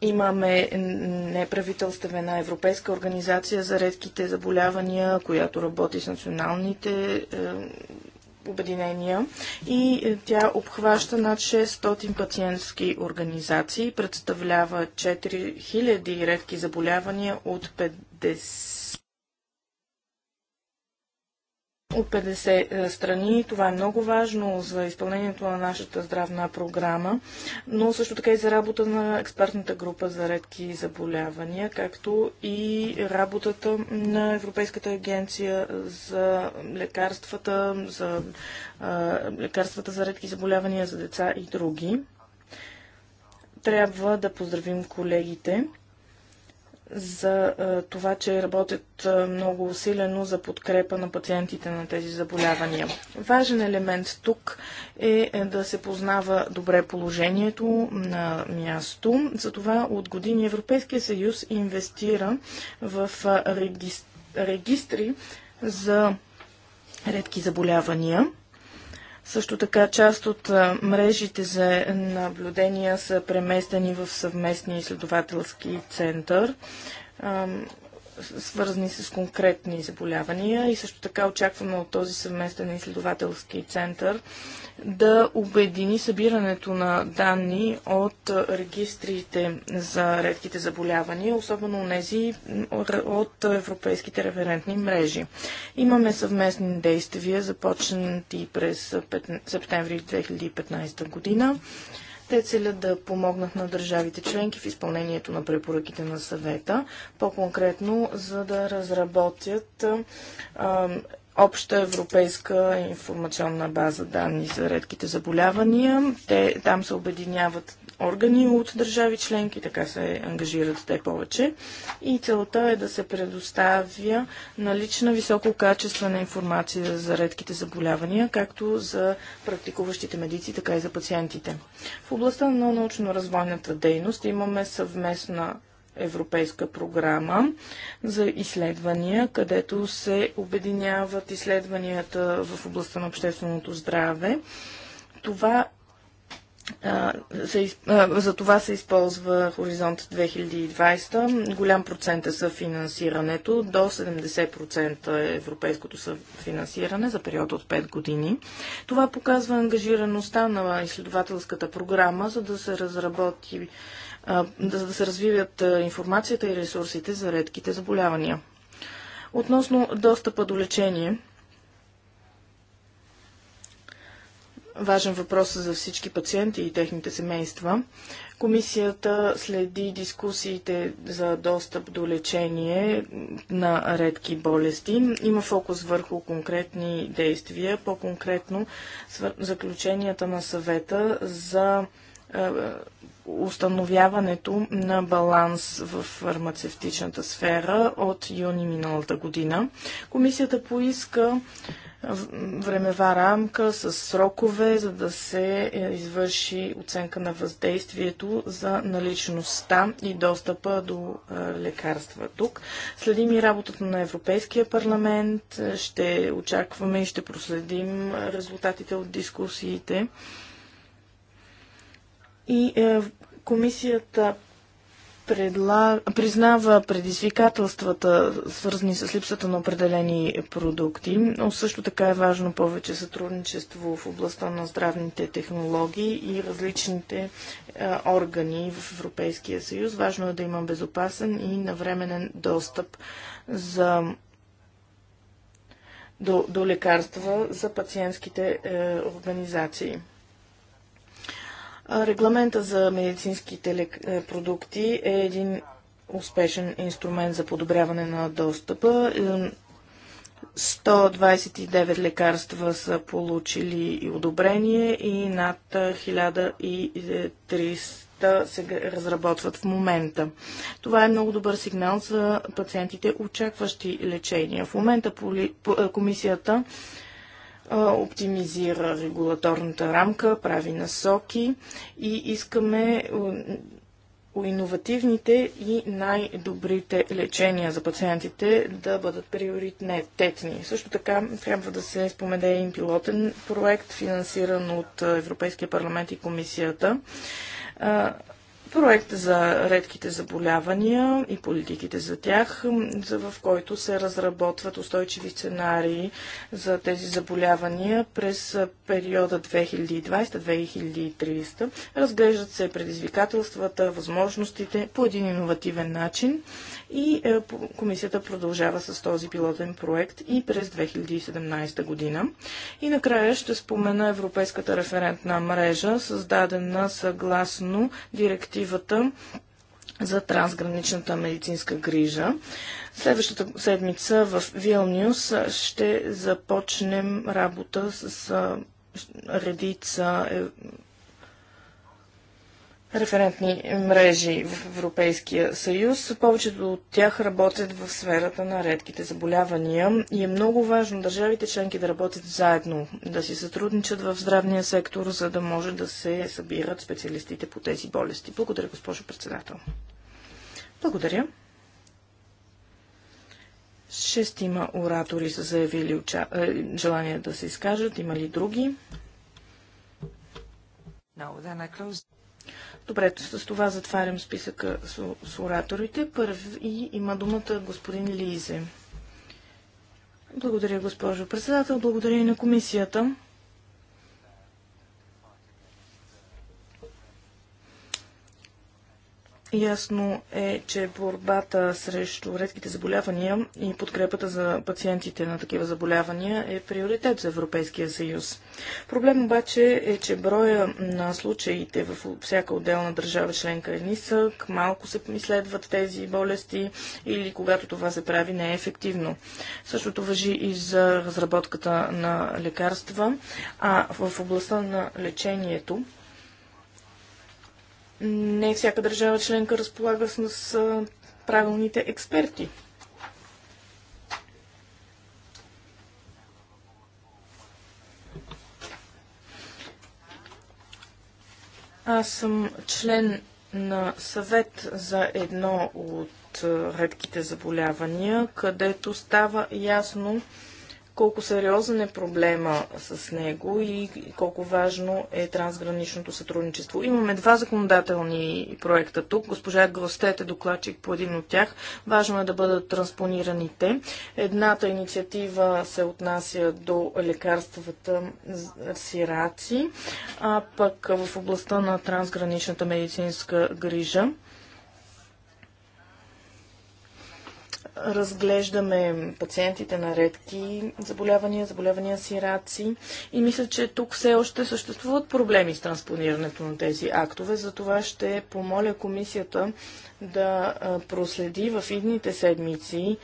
Имаме неправителствена европейска организация за редките заболявания, която работи с националните е, обединения и е, тя обхваща над 600 пациентски организации, представлява 4000 редки заболявания от 50 от 50 е, страни. Това е много важно за изпълнението на нашата здравна програма, но също така и за работа на експертната група за редки заболявания, както и работата на Европейската агенция за лекарствата, за а, е, лекарствата за редки заболявания за деца и други. Трябва да поздравим колегите за това, че работят много усилено за подкрепа на пациентите на тези заболявания. Важен елемент тук е, е да се познава добре положението на място. Затова от години Европейския съюз инвестира в регистри за редки заболявания. Също така част от мрежите за наблюдения са преместени в съвместния изследователски център свързани с конкретни заболявания и също така очакваме от този съвместен изследователски център да обедини събирането на данни от регистрите за редките заболявания, особено тези от европейските референтни мрежи. Имаме съвместни действия, започнати през септември 2015 година те целят да помогнат на държавите членки в изпълнението на препоръките на съвета, по-конкретно за да разработят а, обща европейска информационна база данни за редките заболявания. Те там се обединяват органи от държави членки, така се ангажират те повече. И целта е да се предоставя налична висококачествена информация за редките заболявания, както за практикуващите медици, така и за пациентите. В областта на научно-развойната дейност имаме съвместна европейска програма за изследвания, където се обединяват изследванията в областта на общественото здраве. Това за това се използва Хоризонт 2020. Голям процент е съфинансирането, до 70% е европейското съфинансиране за период от 5 години. Това показва ангажираността на изследователската програма, за да се разработи, за да се развиват информацията и ресурсите за редките заболявания. Относно достъпа до лечение – важен въпрос за всички пациенти и техните семейства. Комисията следи дискусиите за достъп до лечение на редки болести. Има фокус върху конкретни действия, по-конкретно заключенията на съвета за е, установяването на баланс в фармацевтичната сфера от юни миналата година. Комисията поиска времева рамка с срокове, за да се е, извърши оценка на въздействието за наличността и достъпа до е, лекарства тук. Следим и работата на Европейския парламент, ще очакваме и ще проследим резултатите от дискусиите и е, комисията предла... признава предизвикателствата, свързани с липсата на определени продукти, но също така е важно повече сътрудничество в областта на здравните технологии и различните е, органи в Европейския съюз. Важно е да има безопасен и навременен достъп за до, до лекарства за пациентските е, организации. Регламента за медицинските е, продукти е един успешен инструмент за подобряване на достъпа. 129 е, лекарства са получили и одобрение и над 1300 е, се разработват в момента. Това е много добър сигнал за пациентите, очакващи лечение. В момента комисията оптимизира регулаторната рамка, прави насоки и искаме иновативните и най-добрите лечения за пациентите да бъдат приоритетни. Също така трябва да се спомене и пилотен проект, финансиран от Европейския парламент и комисията проект за редките заболявания и политиките за тях, в който се разработват устойчиви сценарии за тези заболявания през периода 2020-2030. Разглеждат се предизвикателствата, възможностите по един иновативен начин и е, комисията продължава с този пилотен проект и през 2017 година. И накрая ще спомена Европейската референтна мрежа, създадена съгласно директива директивата за трансграничната медицинска грижа. Следващата седмица в Вилнюс ще започнем работа с редица е, референтни мрежи в Европейския съюз. Повечето от тях работят в сферата на редките заболявания и е много важно държавите членки да работят заедно, да си сътрудничат в здравния сектор, за да може да се събират специалистите по тези болести. Благодаря, госпожо председател. Благодаря. Шестима оратори са заявили уча... Е, желание да се изкажат. Има ли други? No, then I close. Добре, с това затварям списъка с, с ораторите. Първи има думата господин Лизе. Благодаря, госпожо председател. Благодаря и на комисията. Ясно е, че борбата срещу редките заболявания и подкрепата за пациентите на такива заболявания е приоритет за Европейския съюз. Проблем обаче е, че броя на случаите в всяка отделна държава членка е нисък, малко се изследват тези болести или когато това се прави не е ефективно. Същото въжи и за разработката на лекарства, а в областта на лечението не всяка държава членка разполага с правилните експерти. Аз съм член на съвет за едно от редките заболявания, където става ясно, колко сериозен е проблема с него и колко важно е трансграничното сътрудничество. Имаме два законодателни проекта тук. Госпожа Гростет е докладчик по един от тях. Важно е да бъдат транспонирани те. Едната инициатива се отнася до лекарствата сираци, а пък в областта на трансграничната медицинска грижа разглеждаме пациентите на редки заболявания, заболявания сираци и мисля, че тук все още съществуват проблеми с транспонирането на тези актове. Затова ще помоля комисията да проследи в идните седмици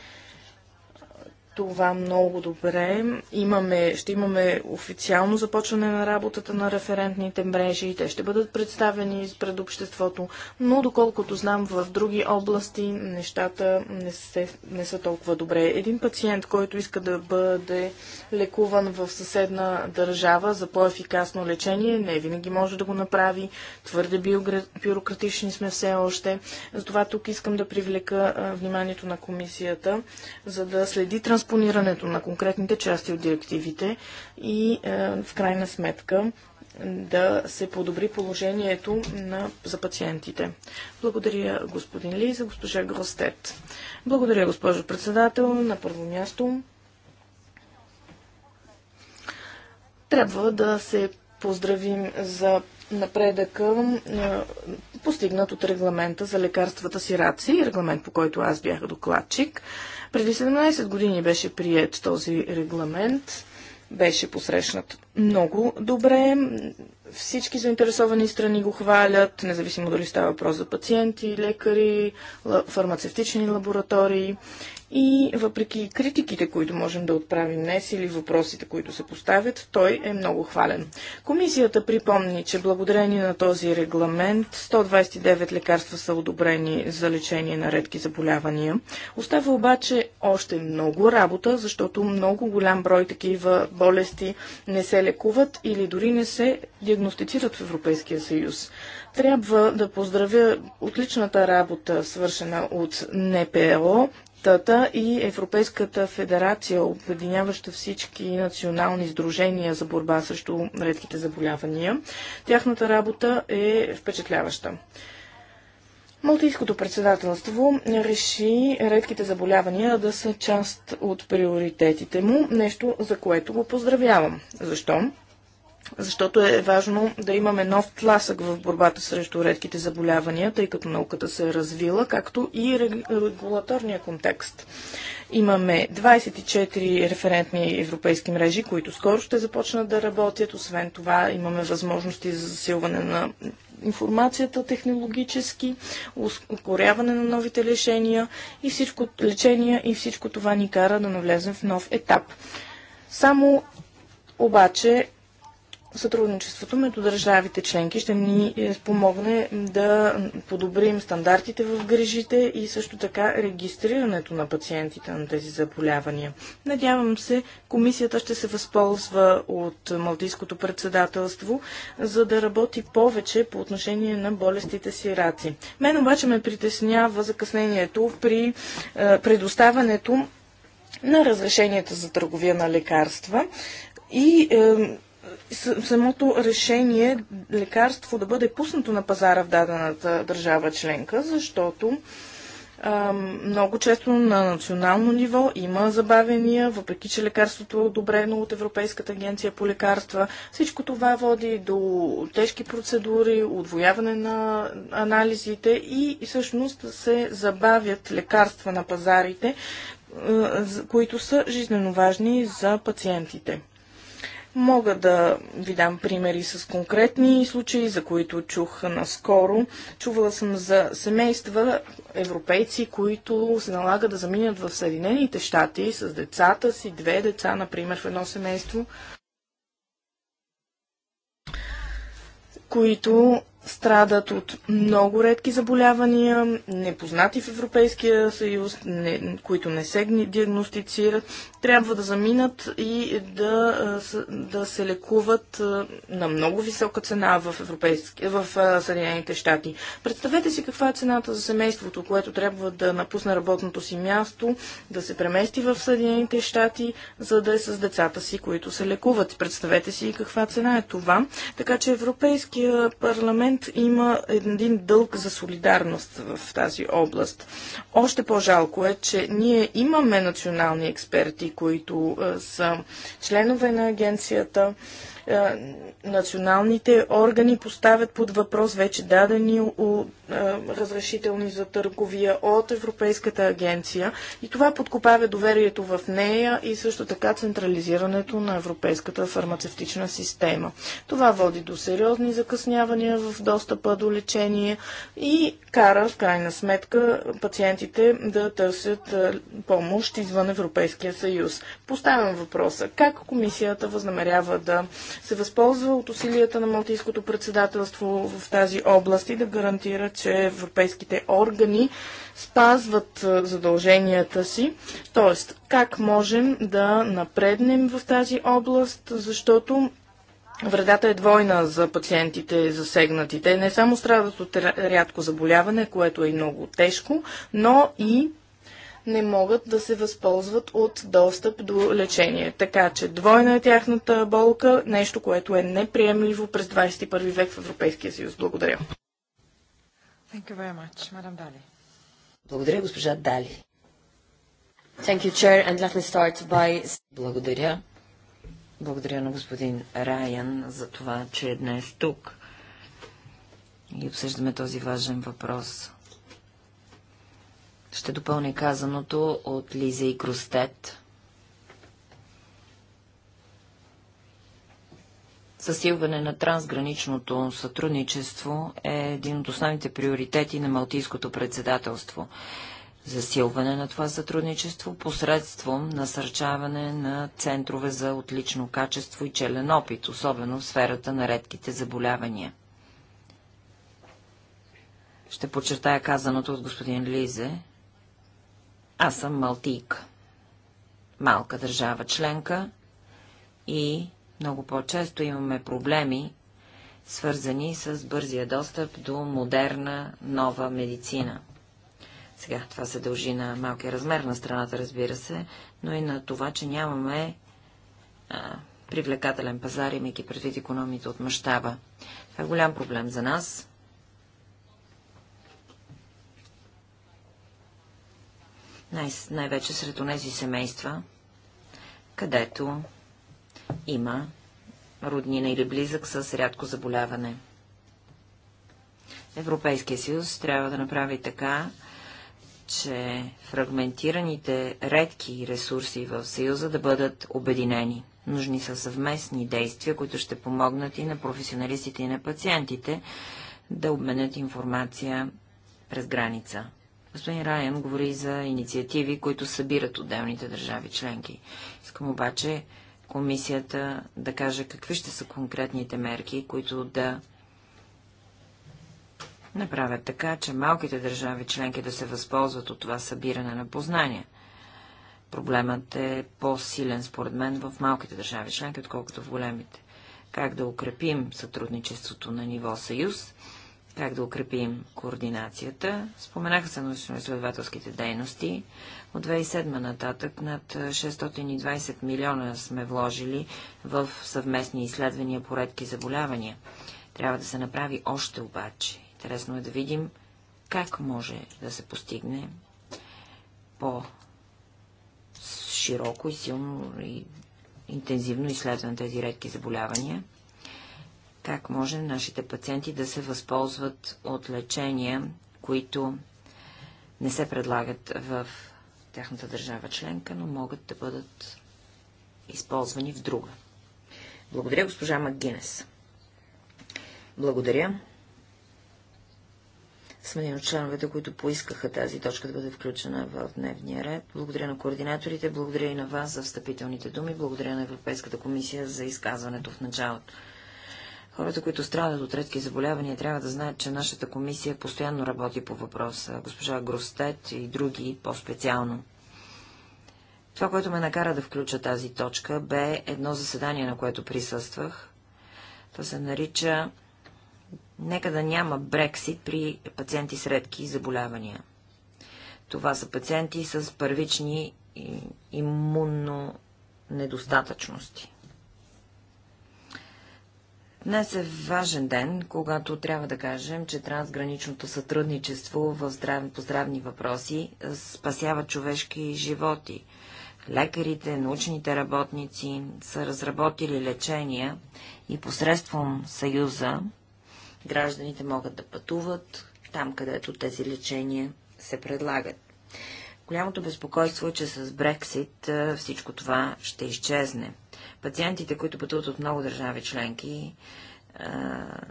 това много добре. Имаме, ще имаме официално започване на работата на референтните мрежи. Те ще бъдат представени пред обществото, но доколкото знам в други области нещата не, се, не са толкова добре. Един пациент, който иска да бъде лекуван в съседна държава за по-ефикасно лечение, не винаги може да го направи. Твърде бюрократични сме все още. Затова тук искам да привлека вниманието на комисията, за да следи транспортирането транспонирането на конкретните части от директивите и е, в крайна сметка да се подобри положението на, за пациентите. Благодаря господин Ли за госпожа Гростет. Благодаря госпожо председател на първо място. Трябва да се поздравим за напредъка, е, постигнат от регламента за лекарствата сираци, регламент по който аз бях докладчик. Преди 17 години беше прият този регламент. Беше посрещнат много добре. Всички заинтересовани страни го хвалят, независимо дали става въпрос за пациенти, лекари, фармацевтични лаборатории. И въпреки критиките, които можем да отправим днес или въпросите, които се поставят, той е много хвален. Комисията припомни, че благодарение на този регламент 129 лекарства са одобрени за лечение на редки заболявания. Остава обаче още много работа, защото много голям брой такива болести не се лекуват или дори не се диагностицират в Европейския съюз. Трябва да поздравя отличната работа, свършена от НПО Тата и Европейската федерация, обединяваща всички национални сдружения за борба срещу редките заболявания. Тяхната работа е впечатляваща. Малтийското председателство реши редките заболявания да са част от приоритетите му, нещо за което го поздравявам. Защо? защото е важно да имаме нов тласък в борбата срещу редките заболявания, тъй като науката се е развила, както и регулаторния контекст. Имаме 24 референтни европейски мрежи, които скоро ще започнат да работят. Освен това имаме възможности за засилване на информацията технологически, ускоряване на новите лечения и всичко, лечения и всичко това ни кара да навлезем в нов етап. Само обаче Сътрудничеството между държавите членки ще ни е, спомогне да подобрим стандартите в грижите и също така регистрирането на пациентите на тези заболявания. Надявам се, комисията ще се възползва от Малтийското председателство, за да работи повече по отношение на болестите си раци. Мен обаче ме притеснява закъснението при е, предоставането на разрешенията за търговия на лекарства и е, самото решение лекарство да бъде пуснато на пазара в дадената държава членка, защото много често на национално ниво има забавения, въпреки че лекарството е одобрено от Европейската агенция по лекарства. Всичко това води до тежки процедури, отвояване на анализите и, всъщност се забавят лекарства на пазарите, които са жизненно важни за пациентите. Мога да ви дам примери с конкретни случаи, за които чух наскоро. Чувала съм за семейства европейци, които се налага да заминят в Съединените щати с децата си, две деца, например, в едно семейство, които страдат от много редки заболявания, непознати в Европейския съюз, не, които не се диагностицират, трябва да заминат и да, да се лекуват на много висока цена в, европейски, в Съединените щати. Представете си каква е цената за семейството, което трябва да напусне работното си място, да се премести в Съединените щати, за да е с децата си, които се лекуват. Представете си каква цена е това. Така че Европейския парламент момент има един дълг за солидарност в тази област. Още по-жалко е, че ние имаме национални експерти, които е, са членове на агенцията. Е, националните органи поставят под въпрос вече дадени от разрешителни за търговия от Европейската агенция и това подкопава доверието в нея и също така централизирането на европейската фармацевтична система. Това води до сериозни закъснявания в достъпа до лечение и кара в крайна сметка пациентите да търсят помощ извън Европейския съюз. Поставям въпроса как комисията възнамерява да се възползва от усилията на Малтийското председателство в тази област и да гарантира, че европейските органи спазват задълженията си. Тоест, как можем да напреднем в тази област, защото Вредата е двойна за пациентите засегнати. Те не само страдат от рядко заболяване, което е и много тежко, но и не могат да се възползват от достъп до лечение. Така че двойна е тяхната болка, нещо, което е неприемливо през 21 век в Европейския съюз. Благодаря. Thank you very much, Madam Dali. Благодаря,
госпожа Дали. Thank you, Chair, and let me start by... Благодаря. Благодаря на господин Райан за това, че е днес тук и обсъждаме този важен въпрос. Ще допълня казаното от Лиза и Крустет. Съсилване на трансграничното сътрудничество е един от основните приоритети на Малтийското председателство. Засилване на това сътрудничество посредством насърчаване на центрове за отлично качество и челен опит, особено в сферата на редките заболявания. Ще подчертая казаното от господин Лизе. Аз съм малтийка. Малка държава членка и много по-често имаме проблеми, свързани с бързия достъп до модерна нова медицина. Сега това се дължи на малкия размер на страната, разбира се, но и на това, че нямаме а, привлекателен пазар, имайки предвид економите от мащаба. Това е голям проблем за нас. Най- най-вече сред тези семейства, където има роднина или близък с рядко заболяване. Европейския съюз трябва да направи така, че фрагментираните редки ресурси в Съюза да бъдат обединени. Нужни са съвместни действия, които ще помогнат и на професионалистите и на пациентите да обменят информация през граница. Господин Райан говори за инициативи, които събират отделните държави членки. Искам обаче комисията да каже какви ще са конкретните мерки, които да направят така, че малките държави членки да се възползват от това събиране на познания. Проблемът е по-силен, според мен, в малките държави членки, отколкото в големите. Как да укрепим сътрудничеството на ниво съюз, как да укрепим координацията. Споменаха се научно-изследователските дейности. От 2007 нататък над 620 милиона сме вложили в съвместни изследвания по редки заболявания. Трябва да се направи още обаче. Интересно е да видим как може да се постигне по-широко и силно и интензивно изследване тези редки заболявания. Как може нашите пациенти да се възползват от лечения, които не се предлагат в тяхната държава членка, но могат да бъдат използвани в друга. Благодаря, госпожа Макгинес. Благодаря. Сме от членовете, които поискаха тази точка да бъде включена в дневния ред. Благодаря на координаторите, благодаря и на вас за встъпителните думи, благодаря на Европейската комисия за изказването в началото. Хората, които страдат от редки заболявания, трябва да знаят, че нашата комисия постоянно работи по въпроса. Госпожа Гростет и други по-специално. Това, което ме накара да включа тази точка, бе едно заседание, на което присъствах. То се нарича Нека да няма Брексит при пациенти с редки заболявания. Това са пациенти с първични имунно недостатъчности. Днес е важен ден, когато трябва да кажем, че трансграничното сътрудничество в здрав... по здравни въпроси е, спасява човешки животи. Лекарите, научните работници са разработили лечения и посредством Съюза гражданите могат да пътуват там, където тези лечения се предлагат. Голямото безпокойство е, че с Брексит е, всичко това ще изчезне. Пациентите, които пътуват от много държави членки,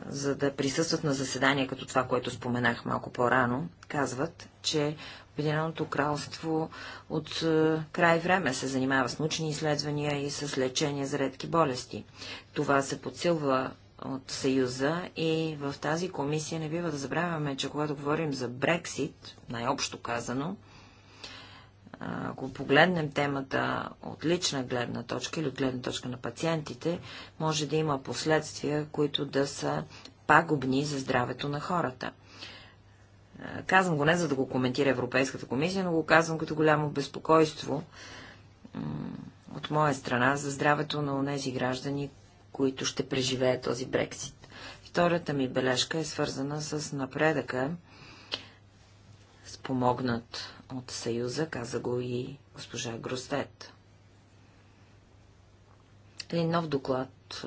за да присъстват на заседание, като това, което споменах малко по-рано, казват, че Обединеното кралство от край време се занимава с научни изследвания и с лечение за редки болести. Това се подсилва от Съюза и в тази комисия не бива да забравяме, че когато говорим за Брексит, най-общо казано, ако погледнем темата от лична гледна точка или от гледна точка на пациентите, може да има последствия, които да са пагубни за здравето на хората. Е, казвам го не за да го коментира Европейската комисия, но го казвам като голямо безпокойство от моя страна за здравето на тези граждани, които ще преживеят този Брексит. Втората ми бележка е свързана с напредъка, спомогнат от Съюза, каза го и госпожа Гростет. Един нов доклад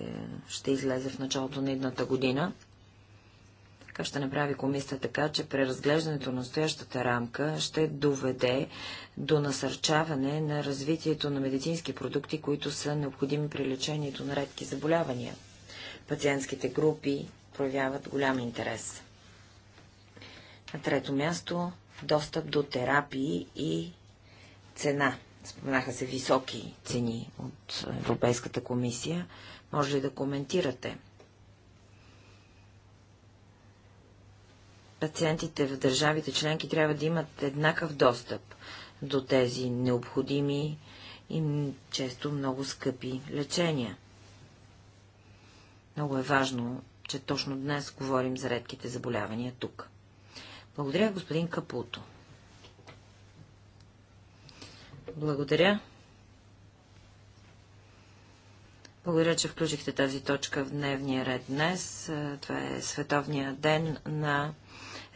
е, ще излезе в началото на едната година. Така ще направи комисията така, че преразглеждането на настоящата рамка ще доведе до насърчаване на развитието на медицински продукти, които са необходими при лечението на редки заболявания. Пациентските групи проявяват голям интерес. На трето място достъп до терапии и цена. Споменаха се високи цени от Европейската комисия. Може ли да коментирате? Пациентите в държавите членки трябва да имат еднакъв достъп до тези необходими и често много скъпи лечения. Много е важно, че точно днес говорим за редките заболявания тук. Благодаря, господин Капуто. Благодаря. Благодаря, че включихте тази точка в дневния ред днес. Това е Световния ден на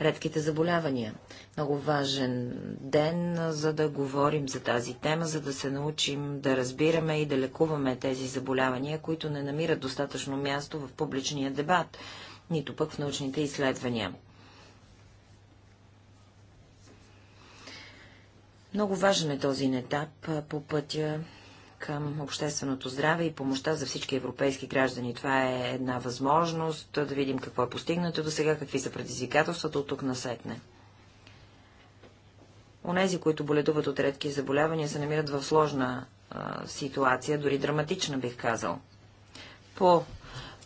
редките заболявания. Много важен ден, за да говорим за тази тема, за да се научим да разбираме и да лекуваме тези заболявания, които не намират достатъчно място в публичния дебат, нито пък в научните изследвания. Много важен е този етап по пътя към общественото здраве и помощта за всички европейски граждани. Това е една възможност да видим какво е постигнато до сега, какви са предизвикателствата от тук насетне. Онези, които боледуват от редки заболявания, се намират в сложна а, ситуация, дори драматична, бих казал. По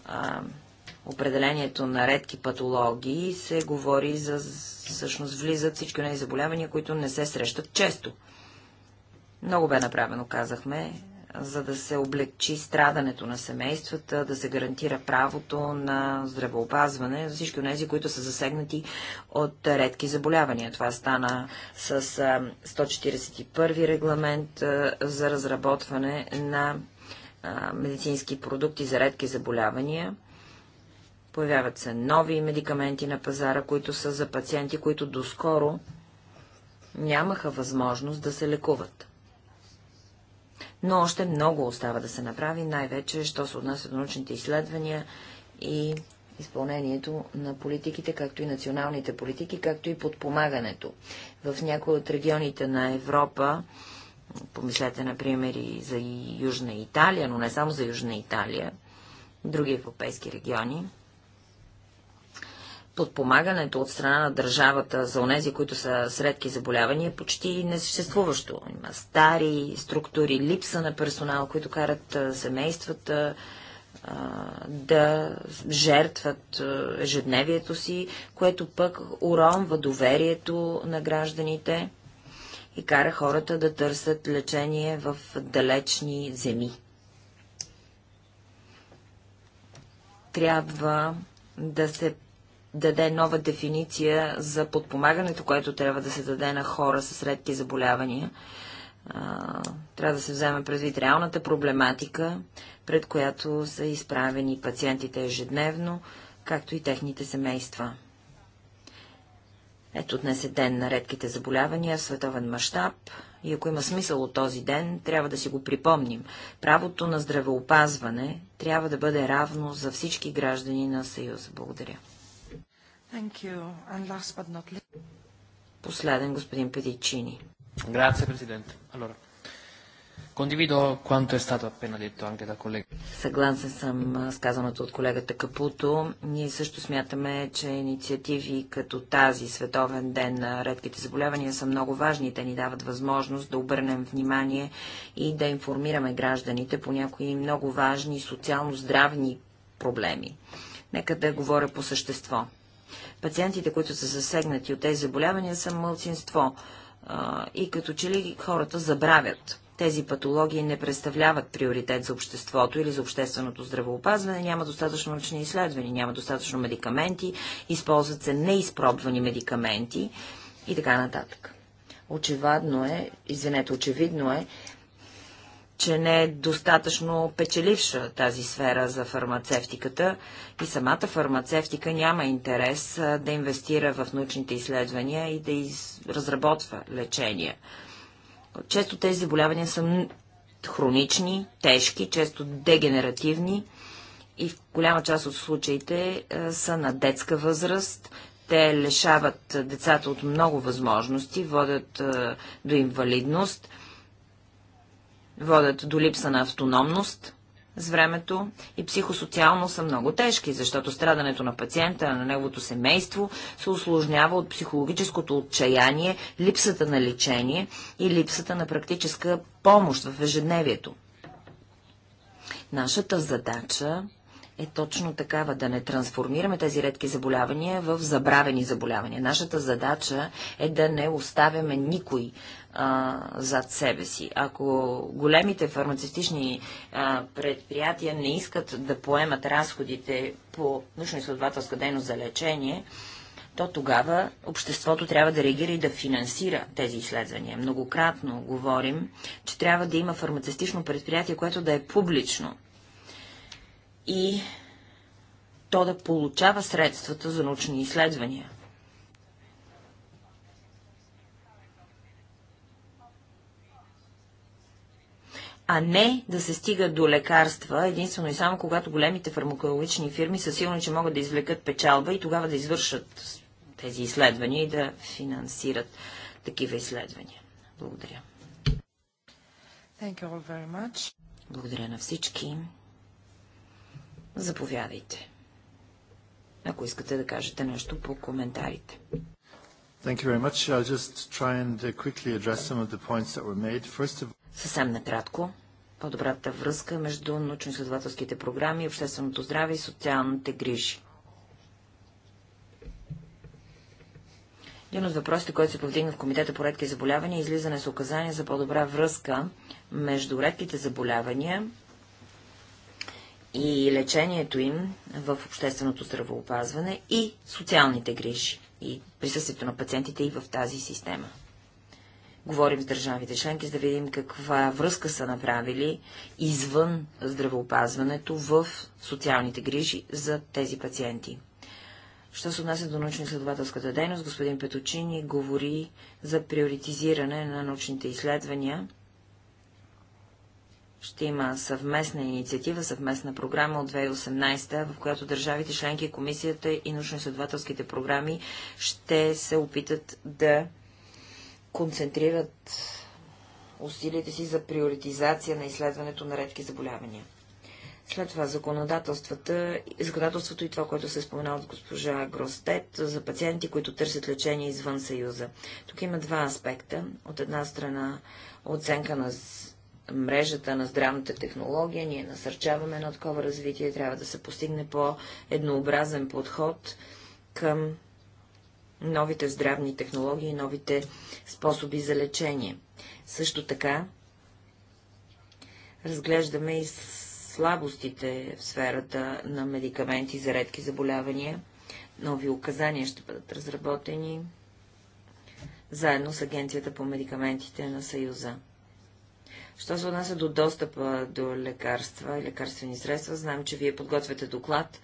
а, определението на редки патологии се говори за всъщност влизат всички тези заболявания, които не се срещат често. Много бе направено, казахме, за да се облегчи страдането на семействата, да се гарантира правото на здравеопазване за всички от тези, които са засегнати от редки заболявания. Това стана с 141 регламент за разработване на медицински продукти за редки заболявания Появяват се нови медикаменти на пазара, които са за пациенти, които доскоро нямаха възможност да се лекуват. Но още много остава да се направи, най-вече, що се отнася до научните изследвания и изпълнението на политиките, както и националните политики, както и подпомагането. В някои от регионите на Европа, помислете, например, и за Южна Италия, но не само за Южна Италия, други европейски региони, подпомагането от страна на държавата за онези, които са с редки заболявания, е почти несъществуващо. Има стари структури, липса на персонал, които карат семействата да жертват ежедневието си, което пък уронва доверието на гражданите и кара хората да търсят лечение в далечни земи. Трябва да се даде нова дефиниция за подпомагането, което трябва да се даде на хора с редки заболявания. трябва да се вземе предвид реалната проблематика, пред която са изправени пациентите ежедневно, както и техните семейства. Ето днес е ден на редките заболявания в световен мащаб и ако има смисъл от този ден, трябва да си го припомним. Правото на здравеопазване трябва да бъде равно за всички граждани на Съюза. Благодаря.
Not...
Последен господин Педичини. Grazie Presidente. Allora, condivido quanto è stato appena detto anche da collega. Съгласен съм с казаното от колегата Капуто. Ние също смятаме, че инициативи като тази Световен ден на редките заболявания са много важни. Те ни дават възможност да обърнем внимание и да информираме гражданите по някои много важни социално-здравни проблеми. Нека да говоря по същество. Пациентите, които са засегнати от тези заболявания, са мълцинство и като че ли хората забравят. Тези патологии не представляват приоритет за обществото или за общественото здравеопазване, няма достатъчно научни изследвания, няма достатъчно медикаменти, използват се неизпробвани медикаменти и така нататък. Очевидно е, извинете, очевидно е, че не е достатъчно печеливша тази сфера за фармацевтиката и самата фармацевтика няма интерес да инвестира в научните изследвания и да разработва лечения. Често тези заболявания са хронични, тежки, често дегенеративни и в голяма част от случаите са на детска възраст. Те лишават децата от много възможности, водят до инвалидност водят до липса на автономност с времето и психосоциално са много тежки, защото страдането на пациента, на неговото семейство се осложнява от психологическото отчаяние, липсата на лечение и липсата на практическа помощ в ежедневието. Нашата задача е точно такава, да не трансформираме тези редки заболявания в забравени заболявания. Нашата задача е да не оставяме никой а, зад себе си. Ако големите фармацевтични а, предприятия не искат да поемат разходите по научно-изследователска дейност за лечение, то тогава обществото трябва да реагира и да финансира тези изследвания. Многократно говорим, че трябва да има фармацевтично предприятие, което да е публично и то да получава средствата за научни изследвания. а не да се стига до лекарства, единствено и само когато големите фармакологични фирми са сигурни, че могат да извлекат печалба и тогава да извършат тези изследвания и да финансират такива изследвания. Благодаря.
Thank you all very much.
Благодаря на всички. Заповядайте. Ако искате да кажете нещо по коментарите. Thank you very much. I'll just try and uh, quickly address some of the points that were made. First of Съвсем накратко, по-добрата връзка между научно-изследователските програми, общественото здраве и социалните грижи. Един от въпросите, който се повдигна в Комитета по редки заболявания, е излизане с указания за по-добра връзка между редките заболявания и лечението им в общественото здравоопазване и социалните грижи и присъствието на пациентите и в тази система говорим с държавите членки, за да видим каква връзка са направили извън здравеопазването в социалните грижи за тези пациенти. Що се отнася до научно-изследователската дейност, господин Петочини говори за приоритизиране на научните изследвания. Ще има съвместна инициатива, съвместна програма от 2018, в която държавите, членки, комисията и научно-изследователските програми ще се опитат да концентрират усилите си за приоритизация на изследването на редки заболявания. След това законодателството и това, което се спомена от госпожа Гростет, за пациенти, които търсят лечение извън Съюза. Тук има два аспекта. От една страна оценка на мрежата на здравната технология, ние насърчаваме на такова развитие, трябва да се постигне по-еднообразен подход към новите здравни технологии, новите способи за лечение. Също така разглеждаме и слабостите в сферата на медикаменти за редки заболявания. Нови указания ще бъдат разработени заедно с Агенцията по медикаментите на Съюза. Що се отнася до достъпа до лекарства и лекарствени средства, знам, че вие подготвяте доклад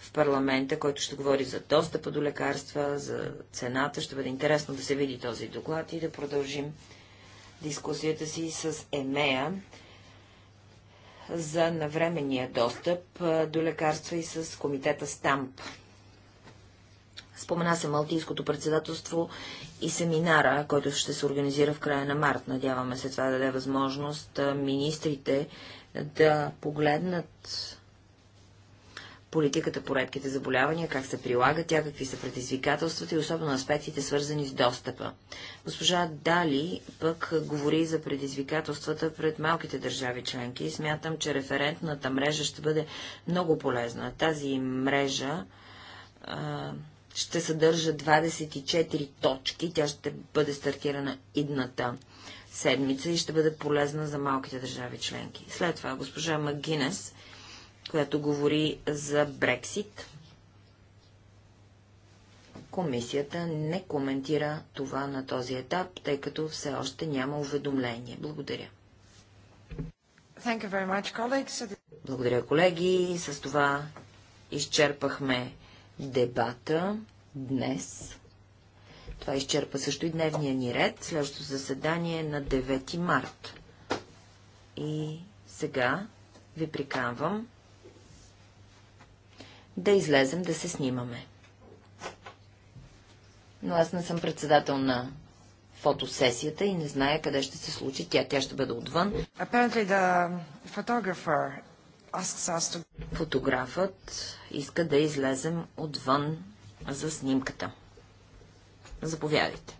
в парламента, който ще говори за достъпа до лекарства, за цената. Ще бъде интересно да се види този доклад и да продължим дискусията си с ЕМЕА за навременния достъп до лекарства и с комитета Стамп. Спомена се Малтийското председателство и семинара, който ще се организира в края на март. Надяваме се това да даде възможност министрите да погледнат политиката по редките заболявания, как се прилага тя, какви са предизвикателствата и особено аспектите, свързани с достъпа. Госпожа Дали пък говори за предизвикателствата пред малките държави членки и смятам, че референтната мрежа ще бъде много полезна. Тази мрежа а, ще съдържа 24 точки. Тя ще бъде стартирана идната седмица и ще бъде полезна за малките държави членки. След това госпожа Магинес която говори за Брексит. Комисията не коментира това на този етап, тъй като все още няма уведомление. Благодаря. Благодаря, колеги. С това изчерпахме дебата днес. Това изчерпа също и дневния ни ред. Следващото заседание е на 9 март. И сега ви приканвам да излезем да се снимаме. Но аз не съм председател на фотосесията и не зная къде ще се случи тя. Тя ще бъде отвън. Фотографът иска да излезем отвън за снимката. Заповядайте.